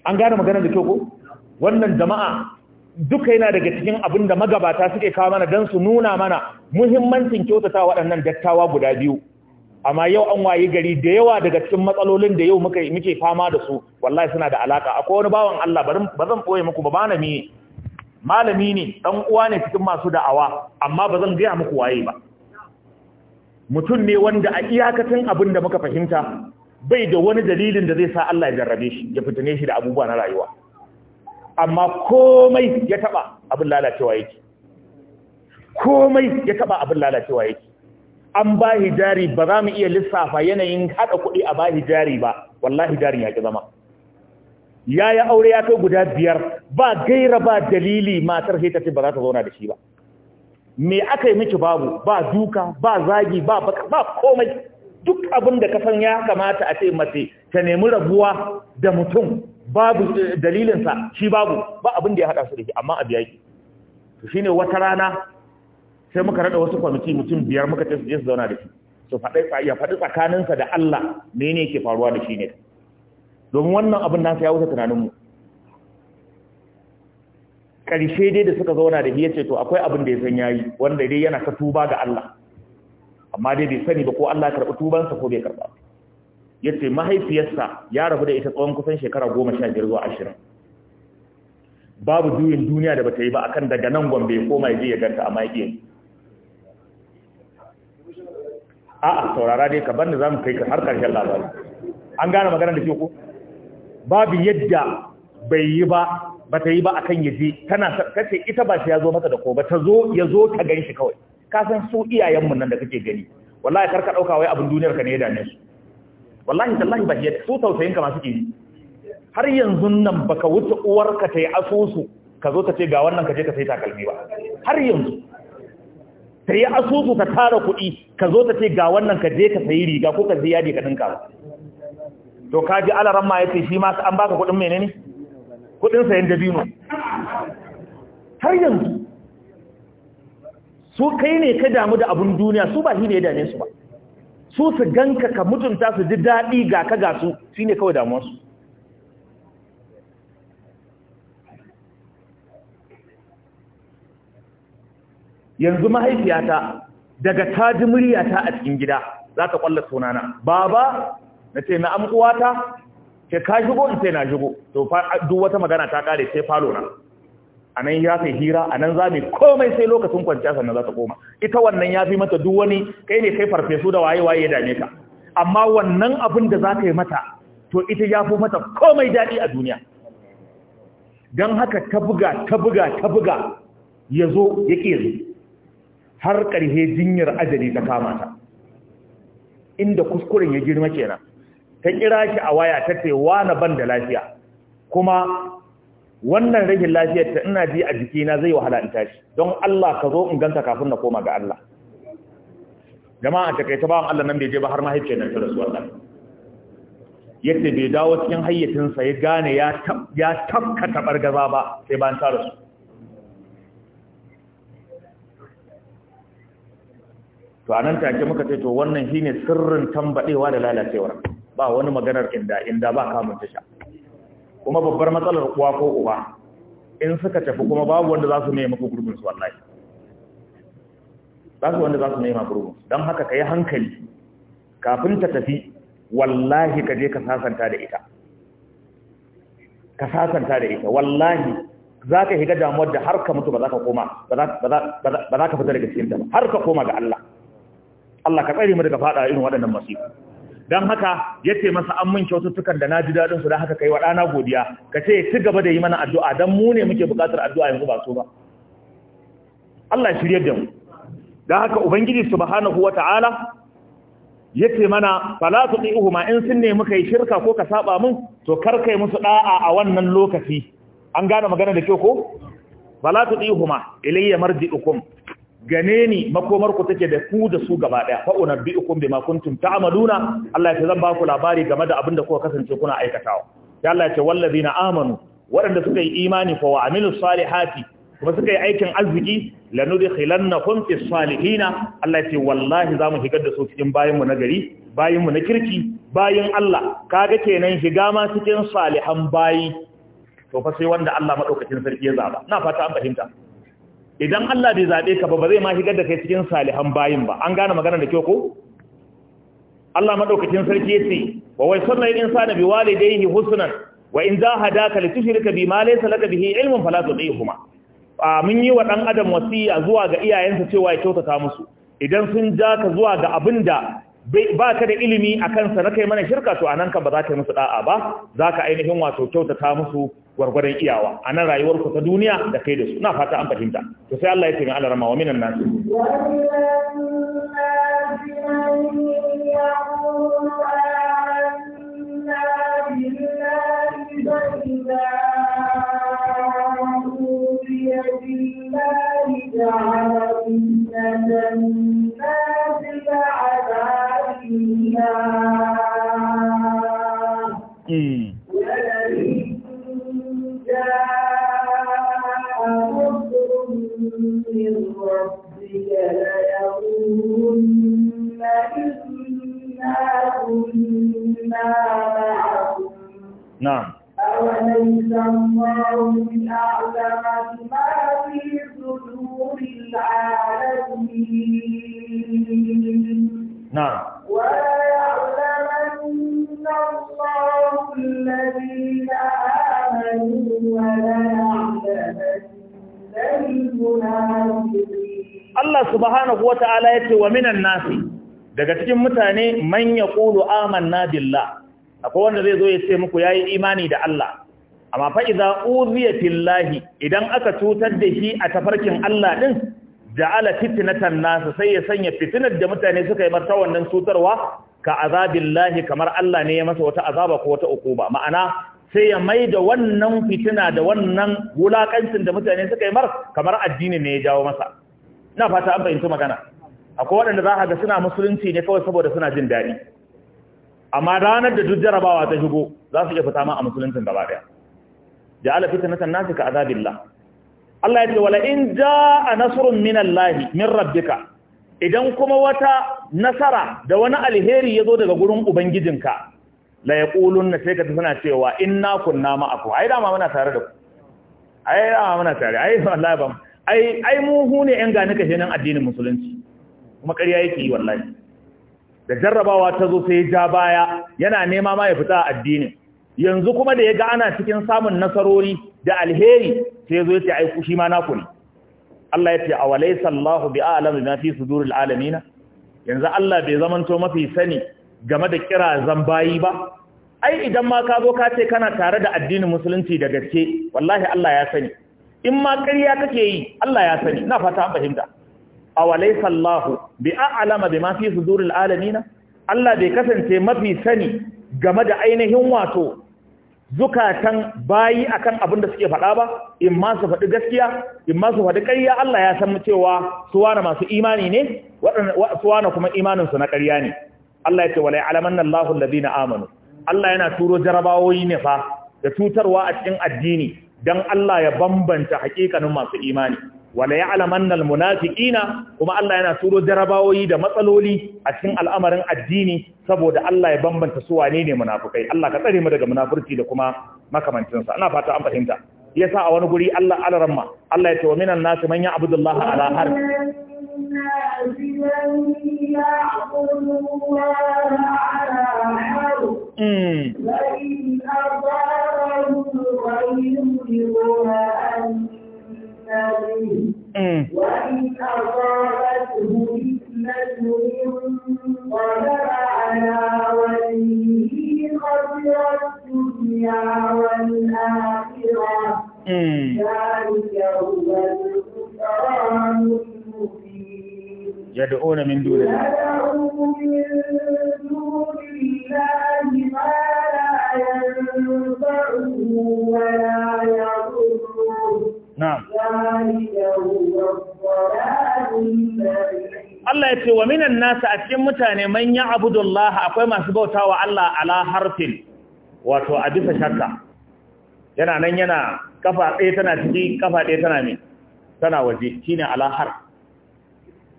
an gane maganar da kyau ko wannan jama'a duka yana daga cikin abin da magabata suke kawo mana don su nuna mana muhimmancin kyautata waɗannan dattawa guda biyu amma yau an wayi gari da yawa daga cikin matsalolin da yau muke fama da su wallahi suna da alaka akwai wani bawan Allah ba zan ɓoye muku ba ba na miye. malami ne ɗan uwa ne cikin masu da'awa amma ba zan gaya muku waye ba mutum ne wanda a iyakacin abin da muka fahimta bai da wani dalilin da zai sa Allah ya jarrabe shi ya fitine shi da abubuwa na rayuwa amma komai ya taba abin lalacewa yake komai ya taba abin lalacewa yake an ba hijari ba za mu iya lissafa yanayin haɗa kuɗi a ba hijari ba wallahi jarin ya ƙi zama ya yi aure ya kai guda biyar ba gaira ba dalili matar sai ta ce ba za ta zauna da shi ba me aka yi miki babu ba duka ba zagi ba ba komai duk abin da ka san ya kamata a ce mace ta nemi rabuwa da mutum babu eh, dalilinsa shi babu ba abin da ya haɗa su da shi amma abu yaƙi to shine wata rana sai muka rada wasu kwamiti mutum biyar muka ce su je su zauna da shi su ya faɗi tsakaninsa da Allah ne yake faruwa da shi ne domin wannan abin nasa ya wuce tunaninmu ƙarshe dai da suka zauna da shi ya ce to akwai abin da ya san yayi wanda dai yana ta tuba ga Allah amma dai bai sani ba ko Allah karɓi tubansa ko bai karɓa ba ya ce mahaifiyarsa ya rabu da ita tsawon kusan shekara goma sha biyar zuwa ashirin babu juyin duniya da bata yi ba akan daga nan gombe koma ya je ya ganta a a a'a saurara dai ka bar ni zamu kai har karshen labari an gane magana da ke ko babu yadda bai yi ba bata yi ba akan ya je tana kace ita ba shi ya zo mata da ko ba ta zo ya zo ta gan shi kawai ka san su iyayenmu nan da kake gani wallahi karka dauka wai abin duniyar ka ne ya dame su wallahi tallahi ba su tausayin ka masu kiri har yanzu nan baka wuce uwarka ta yi asusu ka zo ta ce ga wannan ka je ka sai takalmi ba har yanzu ta yi asusu ta tara kuɗi ka zo ta ce ga wannan ka je ka sayi riga ko ka ziyadi ka ɗinka ba to ka ji alaran ma ya ce shi ma an baka kuɗin menene kuɗin sayan dabino har yanzu su kai ne ka damu da abun duniya su ba shi ne ya dame su ba su su ganka ka mutunta su ji daɗi ga ka ga su shi ne kawai damuwarsu yanzu mahaifiyata daga ta ji muryata a cikin gida za ta ƙwallar sunana baba na ce na amkuwata ke ka shigo in ce na shigo to duk wata magana ta ƙare sai falo na a nan ya fi hira a nan za mu komai sai lokacin kwanciya sannan za ta koma ita wannan ya fi mata duk wani kai ne kai farfesu da waye-waye ya dame ka amma wannan abin da za ka yi mata to ita ya fi mata komai daɗi a duniya don haka ta buga ta buga ta buga ya zo ya ƙezu har ƙarhe jinyar ajali ta kama ta inda kuskuren ya girma kenan ta kira shi a waya ta ce wani ban da lafiya kuma wannan rashin lafiyar ta ina ji a jikina zai wahala in tashi don Allah ka zo in ganta kafin na koma ga Allah jama'a ta kai ta bawan Allah nan bai je ba har mahaifiyar nan ta rasu Allah Yadda bai dawo cikin hayyacinsa ya gane ya ya tafka tabar gaza ba sai ba ta rasu to anan take muka ce to wannan shine sirrin tambadewa da lalacewar ba wani maganar inda inda ba kamun tasha kuma babbar matsalar kuwa ko uba in suka tafi kuma babu wanda za su ne maka gurbin su wallahi za su wanda za su ne maka gurbin don haka ka yi hankali kafin ta tafi wallahi ka je ka sasanta da ita ka sasanta da ita wallahi za ka shiga damuwar da har ka mutu ba za ka koma ba za ka fita daga cikin ta ba har ka koma ga Allah Allah ka tsare mu daga fada irin waɗannan masifu don haka ya ce masa an mun kyaututtukan da na ji daɗin su don haka kai wa ɗana godiya ka ce ci gaba da yi mana addu'a don mu ne muke buƙatar addu'a yanzu ba so ba Allah ya shirye da mu don haka ubangiji subhanahu wa ta'ala ya ce mana fala ɗi uhuma in sun ne muka yi shirka ko ka saba mun to kar kai musu ɗa'a a wannan lokaci an gane magana da kyau ko fala tuqi uhuma ilayya marji'ukum gane ni makomar take da ku da su gaba daya fa unabbiukum bima kuntum ta'maluna Allah ya ce zan ba ku labari game da abin da kuka kasance kuna aikatawa Ya Allah ya ce wallazina amanu waɗanda suka yi imani fa wa amilus salihati kuma suka yi aikin arziki lanudkhilannakum fis salihina Allah ya ce wallahi zamu higar da su cikin bayin mu na gari bayin mu na kirki bayan Allah kaga kenan shiga ma cikin salihan bayi to fa sai wanda Allah madaukakin sarki ya zaba na fata an fahimta idan Allah bai zaɓe ka ba ba zai ma shigar da kai cikin salihan bayin ba an gane magana da kyau ko Allah madaukakin sarki ya yace wa wai sunna lil insani bi walidayhi husnan wa in jahadaka li tushrika bi ma laysa laka bihi ilmun fala tudihuma mun yi wa dan adam wasiya zuwa ga iyayensa cewa ya kyautata musu idan sun ja ka zuwa ga abinda ba ka da ilimi a kansa na kai mana shirka to a nan kan ba za ka yi musu ɗa'a ba za ka ainihin wato kyautata musu gwargwadon iyawa a nan rayuwarku ta duniya da kai da su na fata an fahimta to sai Allah ya ce min rama wa minan nasu ta'ala ya ce wa minan nasi daga cikin mutane man ya ƙulu amanna billah akwai wanda zai zo ya ce muku yayi imani da Allah amma fa idza uziya fillahi idan aka cutar da shi a tafarkin Allah din ja'ala fitnatan nas sai ya sanya fitnar da mutane suka yi marta wannan cutarwa ka azabillahi kamar Allah ne ya masa wata azaba ko wata ukuba ma'ana sai ya mai da wannan fitina da wannan wulakancin da mutane suka yi mar kamar addini ne ya jawo masa na fata an fahimci magana akwai waɗanda za a ga suna musulunci ne kawai saboda suna jin daɗi amma ranar da duk jarabawa ta shigo za su iya fita ma a musuluncin gaba ɗaya na fitnatan nasi ka azabillah Allah ya ce wala in jaa nasrun min Allah min rabbika idan kuma wata nasara da wani alheri ya zo daga gurin ubangijinka la na sai ka suna cewa inna kunna ma'akum ai da ma muna tare da ku ai da ma muna tare ai wallahi ba ai ai mu hu ne yan gani kashe nan addinin musulunci kuma ƙarya yake yi wallahi da jarrabawa ta zo sai ja baya yana nema ma ya fita addini. yanzu kuma da ya ga ana cikin samun nasarori da alheri sai zo ya ce ai kushi ma naku ne Allah ya ce a walaysa Allahu bi a'lamu bima fi suduril alamin yanzu Allah bai zamanto mafi sani game da kira zambayi ba ai idan ma ka zo ka ce kana tare da addinin musulunci da gaske wallahi Allah ya sani in ma ƙarya kake yi Allah ya sani na fata an fahimta awalaysa Allah bi a'lama bima fi suduril alamin Allah bai kasance mafi sani game da ainihin wato zukatan bayi akan abin da suke faɗa ba in ma su faɗi gaskiya in ma su faɗi ƙarya Allah ya san cewa suwana masu imani ne suwana kuma imanin su na ƙarya ne Allah ya ce wala ya'lamanna Allahu alladhina amanu Allah yana turo jarabawoyi ne fa da tutarwa a cikin addini dan Allah ya bambanta hakikanin masu imani wala ya'lamanna na? kuma Allah yana turo jarabawoyi da matsaloli a cikin al'amarin addini saboda Allah ya bambanta su wane ne munafikai Allah ka tsare mu daga munafurci da kuma makamancin ana fata an fahimta yasa a wani guri Allah alaramma Allah ya ce wa minan nasi man ya'budu Allah ala يدعون من دون الله يدعون من دون الله ما لا ينفعه ولا يضره Allah ya ce wa minan nasa a cikin mutane manyan ya abudullah akwai masu bauta wa Allah ala harfin wato a bisa shakka yana nan yana kafa ɗaya tana ciki kafa ɗaya tana ne tana waje shine ala har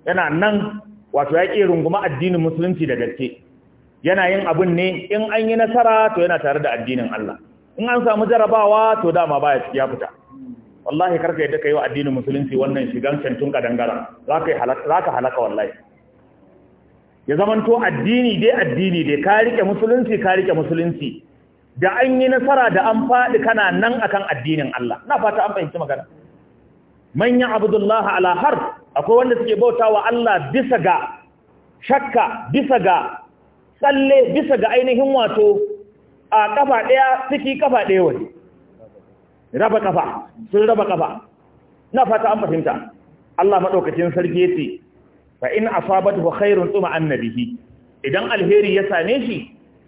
yana nan wato ya runguma addinin musulunci da gaske yana yin abun ne in an yi nasara to yana tare da addinin Allah in an samu jarabawa to dama baya ya fita wallahi karka yadda ka yi wa addinin musulunci wannan shigan cantun kadangara za ka halaka wallahi ya zamanto addini dai addini dai ka rike musulunci ka rike musulunci da an yi nasara da an faɗi kana nan akan addinin Allah na fata an fahimci magana manyan abdullahi ala har akwai wanda suke bauta wa Allah bisa ga shakka bisa ga tsalle bisa ga ainihin wato a kafa ɗaya ciki kafa ɗaya waje raba kafa sun raba kafa na fata an fahimta Allah madaukakin sarki yace fa in asabatu khairun tuma annabihi idan alheri ya same shi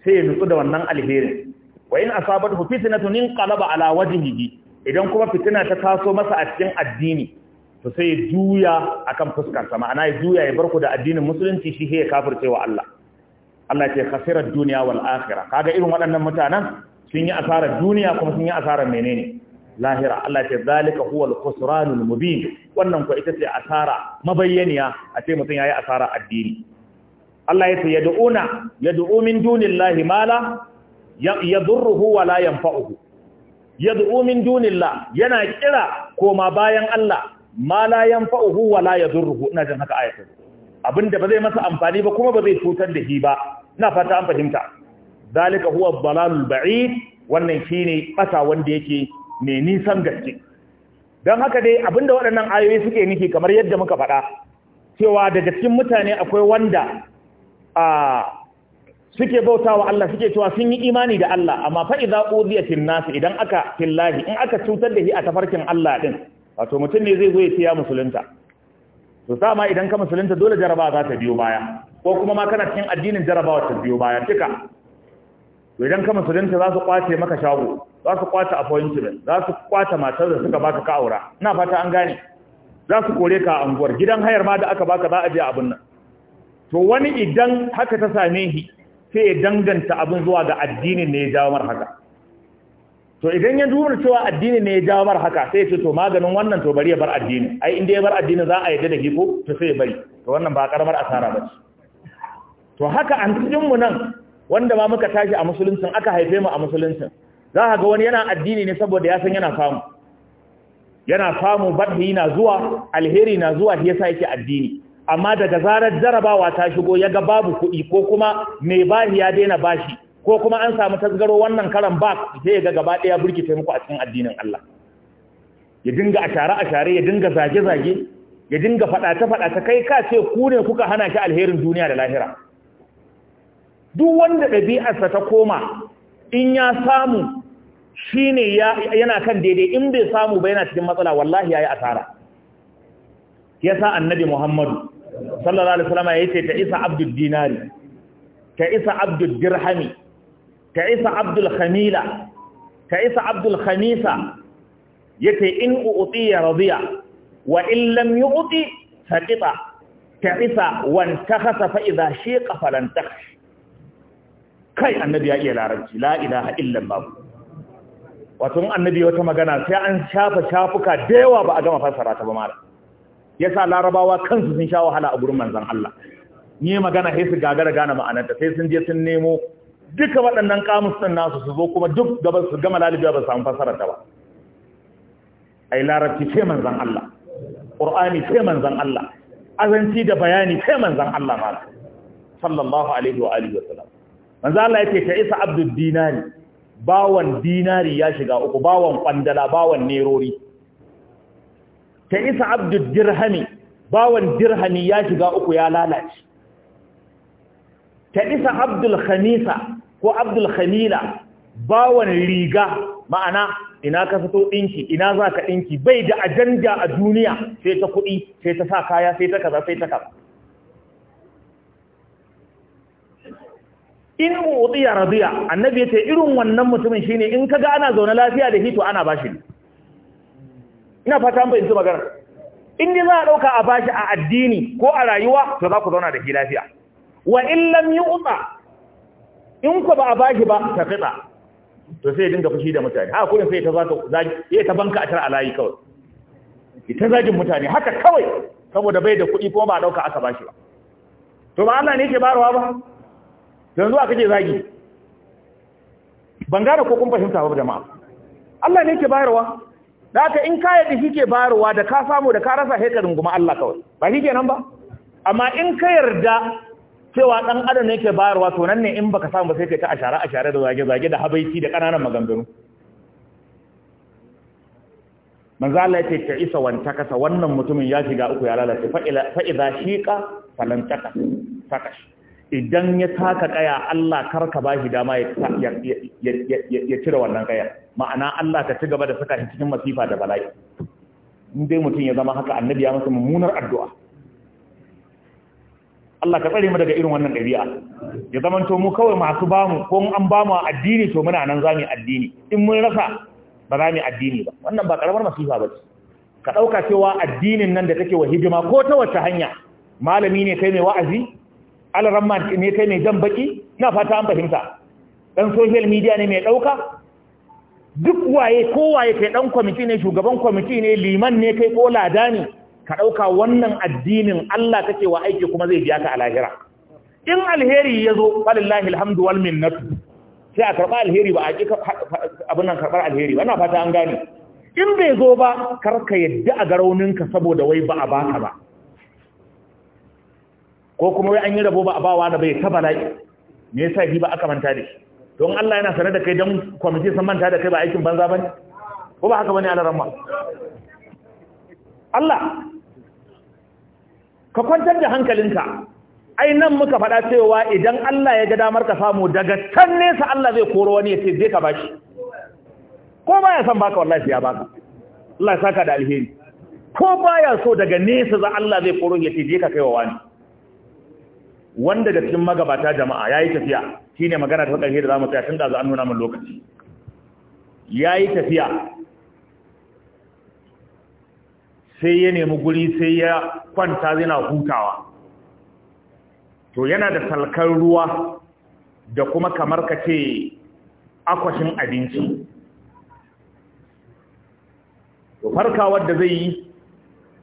sai ya nutsu da wannan alherin wa in asabatu fitnatun inqalaba ala wajhihi idan kuma fitina ta taso masa a cikin addini to sai ya juya akan fuskar sa ma'ana ya juya ya barku da addinin musulunci shi ya kafirce wa Allah Allah ce khasirat duniya wal akhirah kaga irin waɗannan mutanen sun yi asarar duniya kuma sun yi asarar menene lahira Allah ce zalika huwal khusranul mubin wannan ko ita ce asara mabayyaniya a ce ya yayi asara addini Allah ya ce yad'una yad'u min dunillahi mala yadurruhu wa la yanfa'uhu yad'u min dunillah yana kira koma bayan Allah ma la yanfa'uhu wa la yadurruhu ina jin haka ayatin abinda ba zai masa amfani ba kuma ba zai cutar da shi ba ina fata an fahimta zalika huwa dhalalul ba'id wannan shine bata wanda yake mai nisan gaske don haka dai abinda waɗannan ayoyi suke nufi kamar yadda muka faɗa cewa daga cikin mutane akwai wanda a suke bautawa Allah suke cewa sun yi imani da Allah amma fa idza cin nasu idan aka fillahi in aka cutar da shi a tafarkin Allah ɗin, wato mutum ne zai goye ya musulunta to sama idan ka musulunta dole jaraba za ta biyo baya ko kuma ma kana cikin addinin jarabawa ta biyo baya duka to idan ka musulunta za su kwace maka shago za su kwata appointment za su kwata matar da suka baka ka aura ina fata an gane za su kore ka a anguwar gidan hayar ma da aka baka za a je abin nan to wani idan haka ta same shi sai ya danganta abin zuwa ga addinin ne ya jawo mar haka to idan ya duba cewa addini ne ya jawo mar haka sai ya ce to maganin wannan to bari ya bar addini ai inda ya bar addini za a yadda da hiko to sai ya bari to wannan ba karamar asara ba to haka an cikin mu nan wanda ma muka tashi a musuluncin aka haife mu a musuluncin za a ga wani yana addini ne saboda ya san yana samu yana samu barhi na zuwa alheri na zuwa shi yasa yake addini amma daga zarar jarabawa ta shigo ya ga babu kuɗi ko kuma mai bahi ya daina bashi ko kuma an samu tasgaro wannan karan ba sai ya ga gaba ɗaya burkita muku a cikin addinin Allah ya dinga a ashare ya dinga zage zage ya dinga faɗace ta kai ka ce ku ne kuka hana shi alherin duniya da lahira duk wanda ɗabi'arsa ta koma in ya samu shi ne yana kan daidai in bai samu ba yana cikin matsala wallahi ya yi asara ya sa annabi muhammadu sallallahu alaihi wasallam ya ce ta isa abdul dinari ta isa abdul dirhami ta isa abdul khamila ta isa abdul khamisa ya ce in u'uti ya radiya wa in lam yu'uti saqita ta isa wan takhasa fa idha shiqa kai annabi ya iya larabci la ilaha illa wato annabi wata magana sai an shafa shafuka da yawa ba a gama fassara ta ba mara yasa larabawa kansu sun sha wahala a gurin manzon Allah ni magana sai su gagara gane ma'anarta sai sun je sun nemo duka waɗannan kamus din nasu su zo kuma duk gaba su gama lalibiya ba samu fassara ta ba ai larabci sai manzon Allah qur'ani sai manzon Allah azanci da bayani sai manzon Allah mara sallallahu alaihi wa alihi wa sallam manzon Allah yake ta isa abdud dinari bawan dinari ya shiga uku bawan kwandala bawan nerori ta isa abdul dirhami bawan dirhami ya shiga uku ya lalace ta isa abdul khamisa ko abdul khamila bawan riga ma'ana ina ka fito ɗinki ina za ka ɗinki bai da ajanja a duniya sai ta kuɗi sai ta sa kaya sai ta kaza sai ta kaza in utiya ra'ziya annabi yace irin wannan mutumin shine in kaga ana zaune lafiya da hito ana bashi ina fata an bayyana magana in ni za a ɗauka a bashi a addini ko a rayuwa to za ku zauna da shi lafiya wa in lam utsa in ku ba a bashi ba ta fita to sai dinga fushi da mutane haka kudin sai ta zaka zai ta banka a tar alayi kawai ita zagin mutane haka kawai saboda bai da kuɗi kuma ba a ɗauka aka bashi ba to ba Allah ne yake barawa ba yanzu aka ce zagi ban gane ko kun fahimta ba jama'a Allah ne ke bayarwa da haka in ka yadi shi bayarwa da ka samu da ka rasa haikarin kuma Allah kawai ba shi kenan ba amma in ka yarda cewa dan adam ne ke bayarwa to nan ne in baka samu sai kai ta ashara ashara da zage zage da habaici da kananan maganganu manzo Allah yake ta isa wanta kasa wannan mutumin ya shiga uku ya lalace fa ila fa idza shiqa falan takashi idan ya taka kaya Allah karka ba shi dama ya cire wannan kaya ma'ana Allah ka ci gaba da saka shi cikin masifa da bala'i in dai mutum ya zama haka annabi ya masa mummunar addu'a Allah ka tsare mu daga irin wannan ɗabi'a ya zama to mu kawai masu bamu ko an bamu addini to muna nan zamu addini in mun rasa ba za mu addini ba wannan ba karamar masifa ba ce ka ɗauka cewa addinin nan da take wa hijima ko ta wace hanya malami ne kai mai wa'azi alaramma ne kai mai jan baki na fata an fahimta dan social media ne mai dauka duk waye kowaye kai dan kwamiti ne shugaban kwamiti ne liman ne kai ko lada ne ka dauka wannan addinin Allah kake wa aiki kuma zai biya ka a lahira in alheri yazo wallahi alhamdu wal minnatu sai a karba alheri ba a ki abin nan karbar alheri ba ina fata an gane in bai zo ba karka yadda a garauninka saboda wai ba a baka ba ko kuma wai an yi rabo ba a bawa da bai ta bala'i me yasa shi ba aka manta da shi don Allah yana sanar da kai dan kwamiti sun manta da kai ba aikin banza bane ko ba haka bane a ran Allah ka kwantar da hankalinka ai nan muka faɗa cewa idan Allah ya ga damar ka samu daga can nesa Allah zai koro wani ya ce zai ka bashi ko ba ya san baka wallahi ya baka Allah ya saka da alheri ko ba ya so daga nesa za Allah zai koro ya ce zai ka kaiwa wani wanda da cikin magabata jama'a ya yi tafiya shi ne magana ta ƙarshe da za mu tsaya tun da za an nuna min lokaci ya yi tafiya sai ya nemi guri sai ya kwanta zina hutawa to yana da salkar ruwa da kuma kamar ka ce akwashin abinci to farkawar da zai yi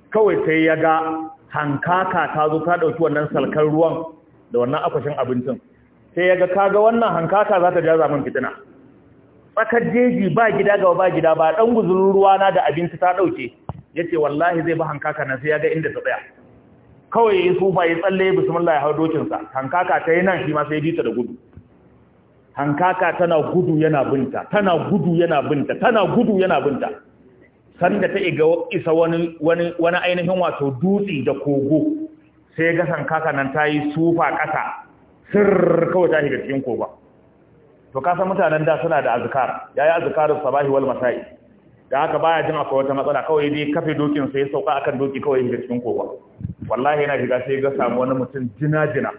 kawai sai ya ga hankaka ta zo ta ɗauki wannan salkar ruwan da wannan akwashin abincin sai ya kaga wannan hankaka za ta jaza min fitina tsakar jeji ba gida ga ba gida ba ɗan guzurin ruwa na da abinci ta ɗauke ya ce wallahi zai ba hankaka na sai ya ga inda ta tsaya kawai ya tsufa ya tsalle ya bismillah ya hau dokinsa hankaka ta yi nan shi ma sai bita da gudu hankaka tana gudu yana binta tana gudu yana binta tana gudu yana binta sanda ta iga isa wani wani ainihin wato dutse da kogo sai ga sankaka nan ta yi sufa ƙasa sirr kawai ta shiga cikin koba to kasa mutanen da suna da azkar ya yi azkarin sabahi wal masai da haka baya jin akwai wata matsala kawai dai kafe dokin sai sauka akan doki kawai shiga cikin koba wallahi yana shiga sai ga samu wani mutum jina jina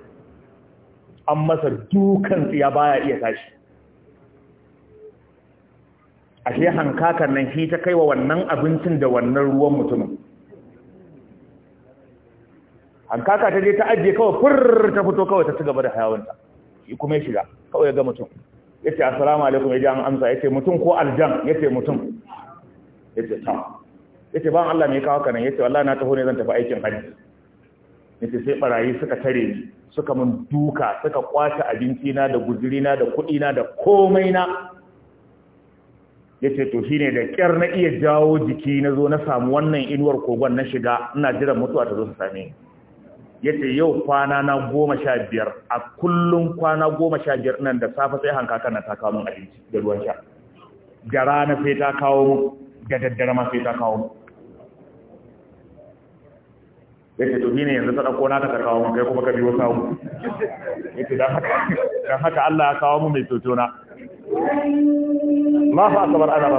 an masa dukan tsiya baya iya tashi ashe hankakan nan shi ta kai wa wannan abincin da wannan ruwan mutumin hankaka ta je ta ajiye kawai fur ta fito kawai ta ci gaba da hayawanta kuma ya shiga kawai ya ga mutum ya ce asalamu alaikum ya ji an amsa ya ce mutum ko aljan ya ce mutum ya ce ta ya ce ban Allah mai kawo kanan ya ce wallah na taho ne zan tafi aikin hajji ya ce sai barayi suka tare ni suka mun duka suka kwace abincina da guzurina da na da komai na ya ce to shine da kyar na iya jawo jiki na zo na samu wannan inuwar kogon na shiga ina jiran mutuwa ta zo su same ni ya ce yau kwana na goma sha biyar a kullum kwana goma sha biyar nan da safe sai hanka na ta kawo min abinci da ruwan sha da rana sai ta kawo mu da daddare ma sai ta kawo mu ya ce tuhi ne yanzu ta ɗauko na ta kawo kai kuma ka biyo kawo mu ya ce don haka Allah ya kawo mu mai coco na ma fa asabar ana ba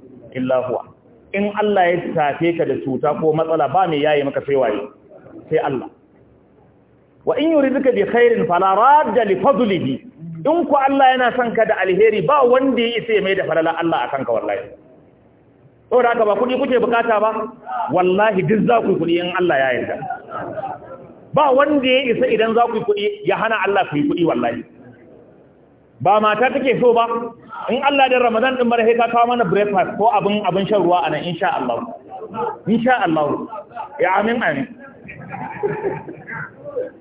illa huwa in Allah ya tafe ka da cuta ko matsala ba mai yayi maka sai waye sai Allah wa in yuriduka bi khairin fala radda li fadlihi in ku Allah yana son ka da alheri ba wanda ya isa mai da falala Allah akan ka wallahi da haka ba kudi kuke bukata ba wallahi duk za ku kudi in Allah ya yarda ba wanda ya isa idan za ku kudi ya hana Allah ku yi kudi wallahi ba mata take so ba in Allah da Ramadan din bare ka kawo mana breakfast ko abin abin shan ruwa anan insha Allah insha Allah ya amin amin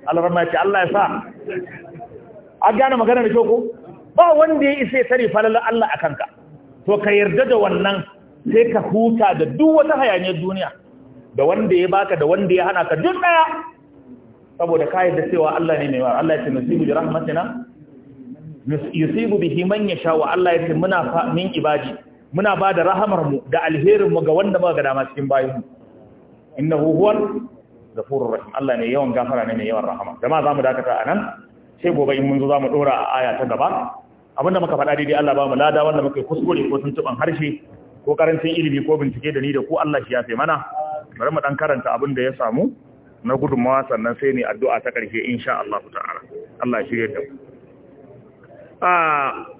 Allah ya ce Allah ya sa a gane magana da shoko ba wanda ya isa sari falal Allah a kanka to ka yarda da wannan sai ka huta da duk wata hayaniyar duniya da wanda ya baka da wanda ya hana ka duk daya saboda ka yarda cewa Allah ne mai wa Allah ya tsimi bi rahmatina yusibu bihi man yasha wa Allah yace muna min ibadi muna ba da rahamar mu da alherin mu ga wanda muka ga dama cikin bayin mu innahu huwal ghafurur rahim Allah ne yawan gafara ne mai yawan rahama za mu dakata anan sai gobe in mun zo za mu dora a aya ta gaba abinda muka faɗa daidai Allah ba mu lada wanda muka kuskure ko tuntuban harshe ko karantin ilimi ko bincike da ni da ku Allah shi ya fe mana bari mu dan karanta abin da ya samu na gudunmawa sannan sai ne addu'a ta ƙarshe insha Allah ta'ala Allah shirye da mu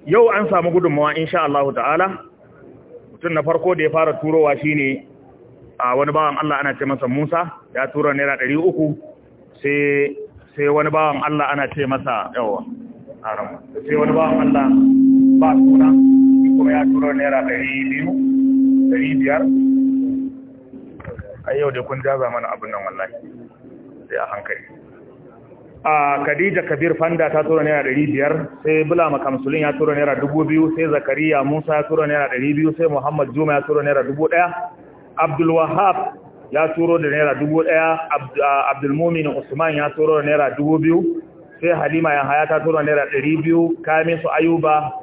yau an samu gudunmawa insha Allah ta'ala mutum na farko da ya fara turowa shine a wani bawan Allah ana ce masa Musa ya tura naira ɗari uku sai wani bawan Allah ana ce masa yawa ramu sai wani bawan Allah ba suna kuma ya tura naira biyu, ɗari a yau da kun jaza mana abin nan wallahi sai a hankali a Khadija Kabir Fanda ta tura naira biyar, sai Bulama Makamsulin ya tura naira biyu, sai Zakariya Musa ya tura naira biyu, sai Muhammad Juma ya tura naira 1000 Abdul Wahab ya turo da naira ɗaya, Abdul Mumin Usman ya turo da naira biyu, sai Halima ya haya ta tura naira biyu, Kamisu Ayuba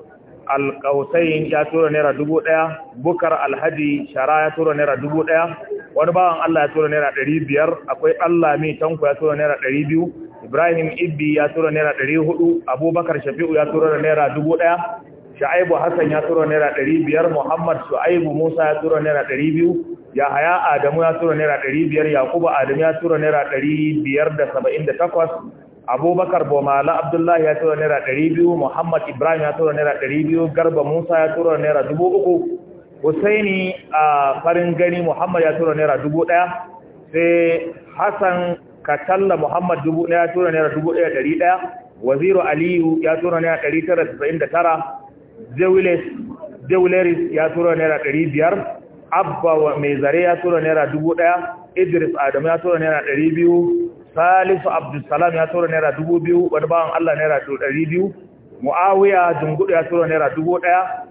Alƙausayin ya tura naira ɗaya, Bukar Alhaji Shara ya tura naira ɗaya, wani bawan Allah ya tura naira biyar, akwai Allah mai tanko ya tura naira biyu. Ibrahim Ibbi ya tura naira 400, Abubakar Shafi'u ya tura naira 1000, Shaibu Hassan ya tura naira 500, Muhammad Shu'aibu Musa ya tura naira 200, Yahaya Adamu ya tura naira 500, Yakubu Adamu ya tura naira 578, Abubakar Bomala Abdullahi ya tura naira biyu, Muhammad Ibrahim ya tura naira biyu, Garba Musa ya tura naira uku, Husaini a farin gani Muhammad ya tura naira ɗaya, sai Hassan katalla muhammad dubu ɗaya tura naira dubu ɗaya ɗari ɗaya waziru aliyu ya tura naira ɗari tara tasa'in da tara zeuleris ya tura naira ɗari biyar abba mai zare ya tura naira dubu ɗaya idris adamu ya tura naira ɗari biyu salisu abdulsalam ya tura naira dubu biyu wani bawan allah naira ɗari biyu mu'awiya dungudu ya tura naira dubu ɗaya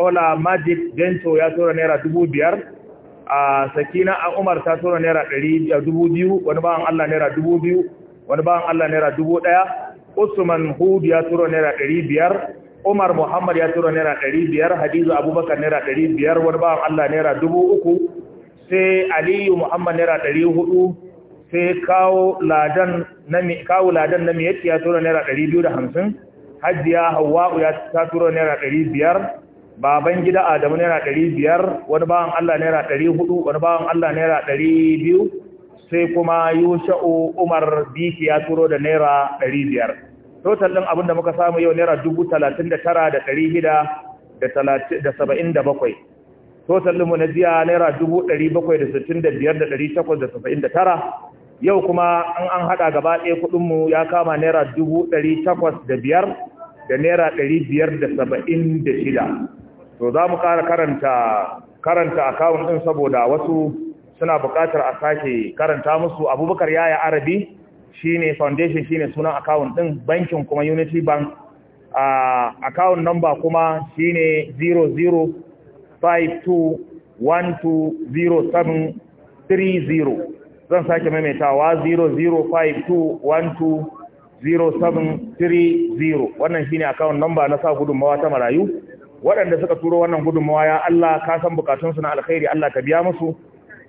ola magic bento ya tura naira dubu biyar a sakina a umar ta tura naira dubu biyu wani bawan allah naira dubu biyu wani bawan allah naira dubu ɗaya usman hud ya tura naira ɗari biyar umar muhammad ya tura naira ɗari biyar hadiza abubakar naira ɗari biyar wani bawan allah naira dubu uku sai aliyu muhammad naira ɗari hudu sai kawo ladan na miyatti ya tura naira ɗari biyu da hamsin hajjiya hawa'u ya ta tura naira ɗari biyar baban gida adamu naira ɗari biyar wani bawan allah naira ɗari hudu wani bawan allah naira ɗari biyu sai kuma yusha'u umar biki ya turo da naira ɗari biyar total ɗin abinda muka samu yau naira dubu talatin da tara da ɗari shida da saba'in da bakwai total ɗinmu na jiya naira dubu ɗari bakwai da sittin da biyar da ɗari takwas da saba'in da tara yau kuma an an haɗa gaba ɗaya kuɗinmu ya kama naira dubu ɗari takwas da biyar da naira ɗari biyar da saba'in da shida to za mu ƙara karanta karanta akawun ɗin saboda wasu suna buƙatar a sake karanta musu abubakar yaya arabi shine foundation shine sunan akawun ɗin bankin kuma unity bank a akawun namba kuma shine 0052120730 zan sake maimaitawa 0052120730 wannan shine akawun namba na sa gudunmawa ta marayu waɗanda suka turo wannan gudunmawa ya Allah ka san bukatunsu na alkhairi Allah ta biya musu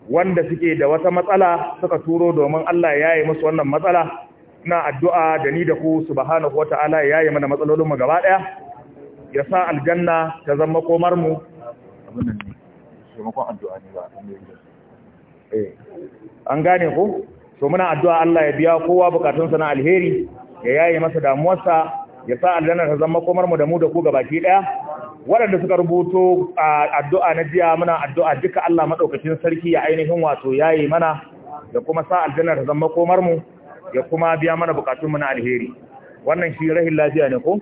wanda suke da wata matsala suka turo domin Allah ya yi musu wannan matsala na addu'a da ni da ku subhanahu ta'ala ya yi mana matsalolinmu gaba ɗaya ya sa aljanna ta zama komar mu eh, an gane ku so muna addu'a Allah ya biya kowa bukatunsa na alheri ya yaye masa damuwarsa ya sa aljanna ta zama komar mu da mu da ku gabaki ɗaya? waɗanda suka rubuto addu'a na jiya mana addu'a duka Allah maɗaukacin sarki ya ainihin wato ya yi mana da kuma sa aljanna ta zama mu ya kuma biya mana bukatun mu na alheri wannan shi rahin lafiya ne ko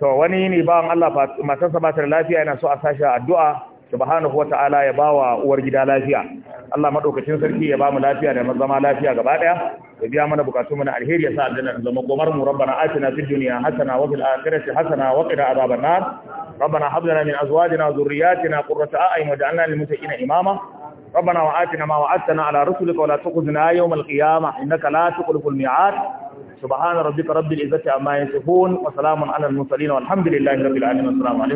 to wani ne bawan Allah matarsa ba ta lafiya yana so a sashi addu'a subhanahu wata'ala ya bawa uwar gida lafiya Allah madaukakin sarki ya bamu lafiya da zama lafiya gaba daya ya biya mana bukatun na alheri ya sa aljanna zama komar mu rabbana atina fid dunya hasana wa fil akhirati hasana wa qina adhaban nar rabbana hab lana min azwajina wa dhurriyyatina qurrata a'yun waj'alna lil muttaqina imama ربنا وآتنا ما وعدتنا على رسلك ولا تخزنا يوم القيامة إنك لا تخلف الميعاد سبحان ربك رب العزة عما يصفون وسلام على المرسلين والحمد لله رب العالمين والسلام عليكم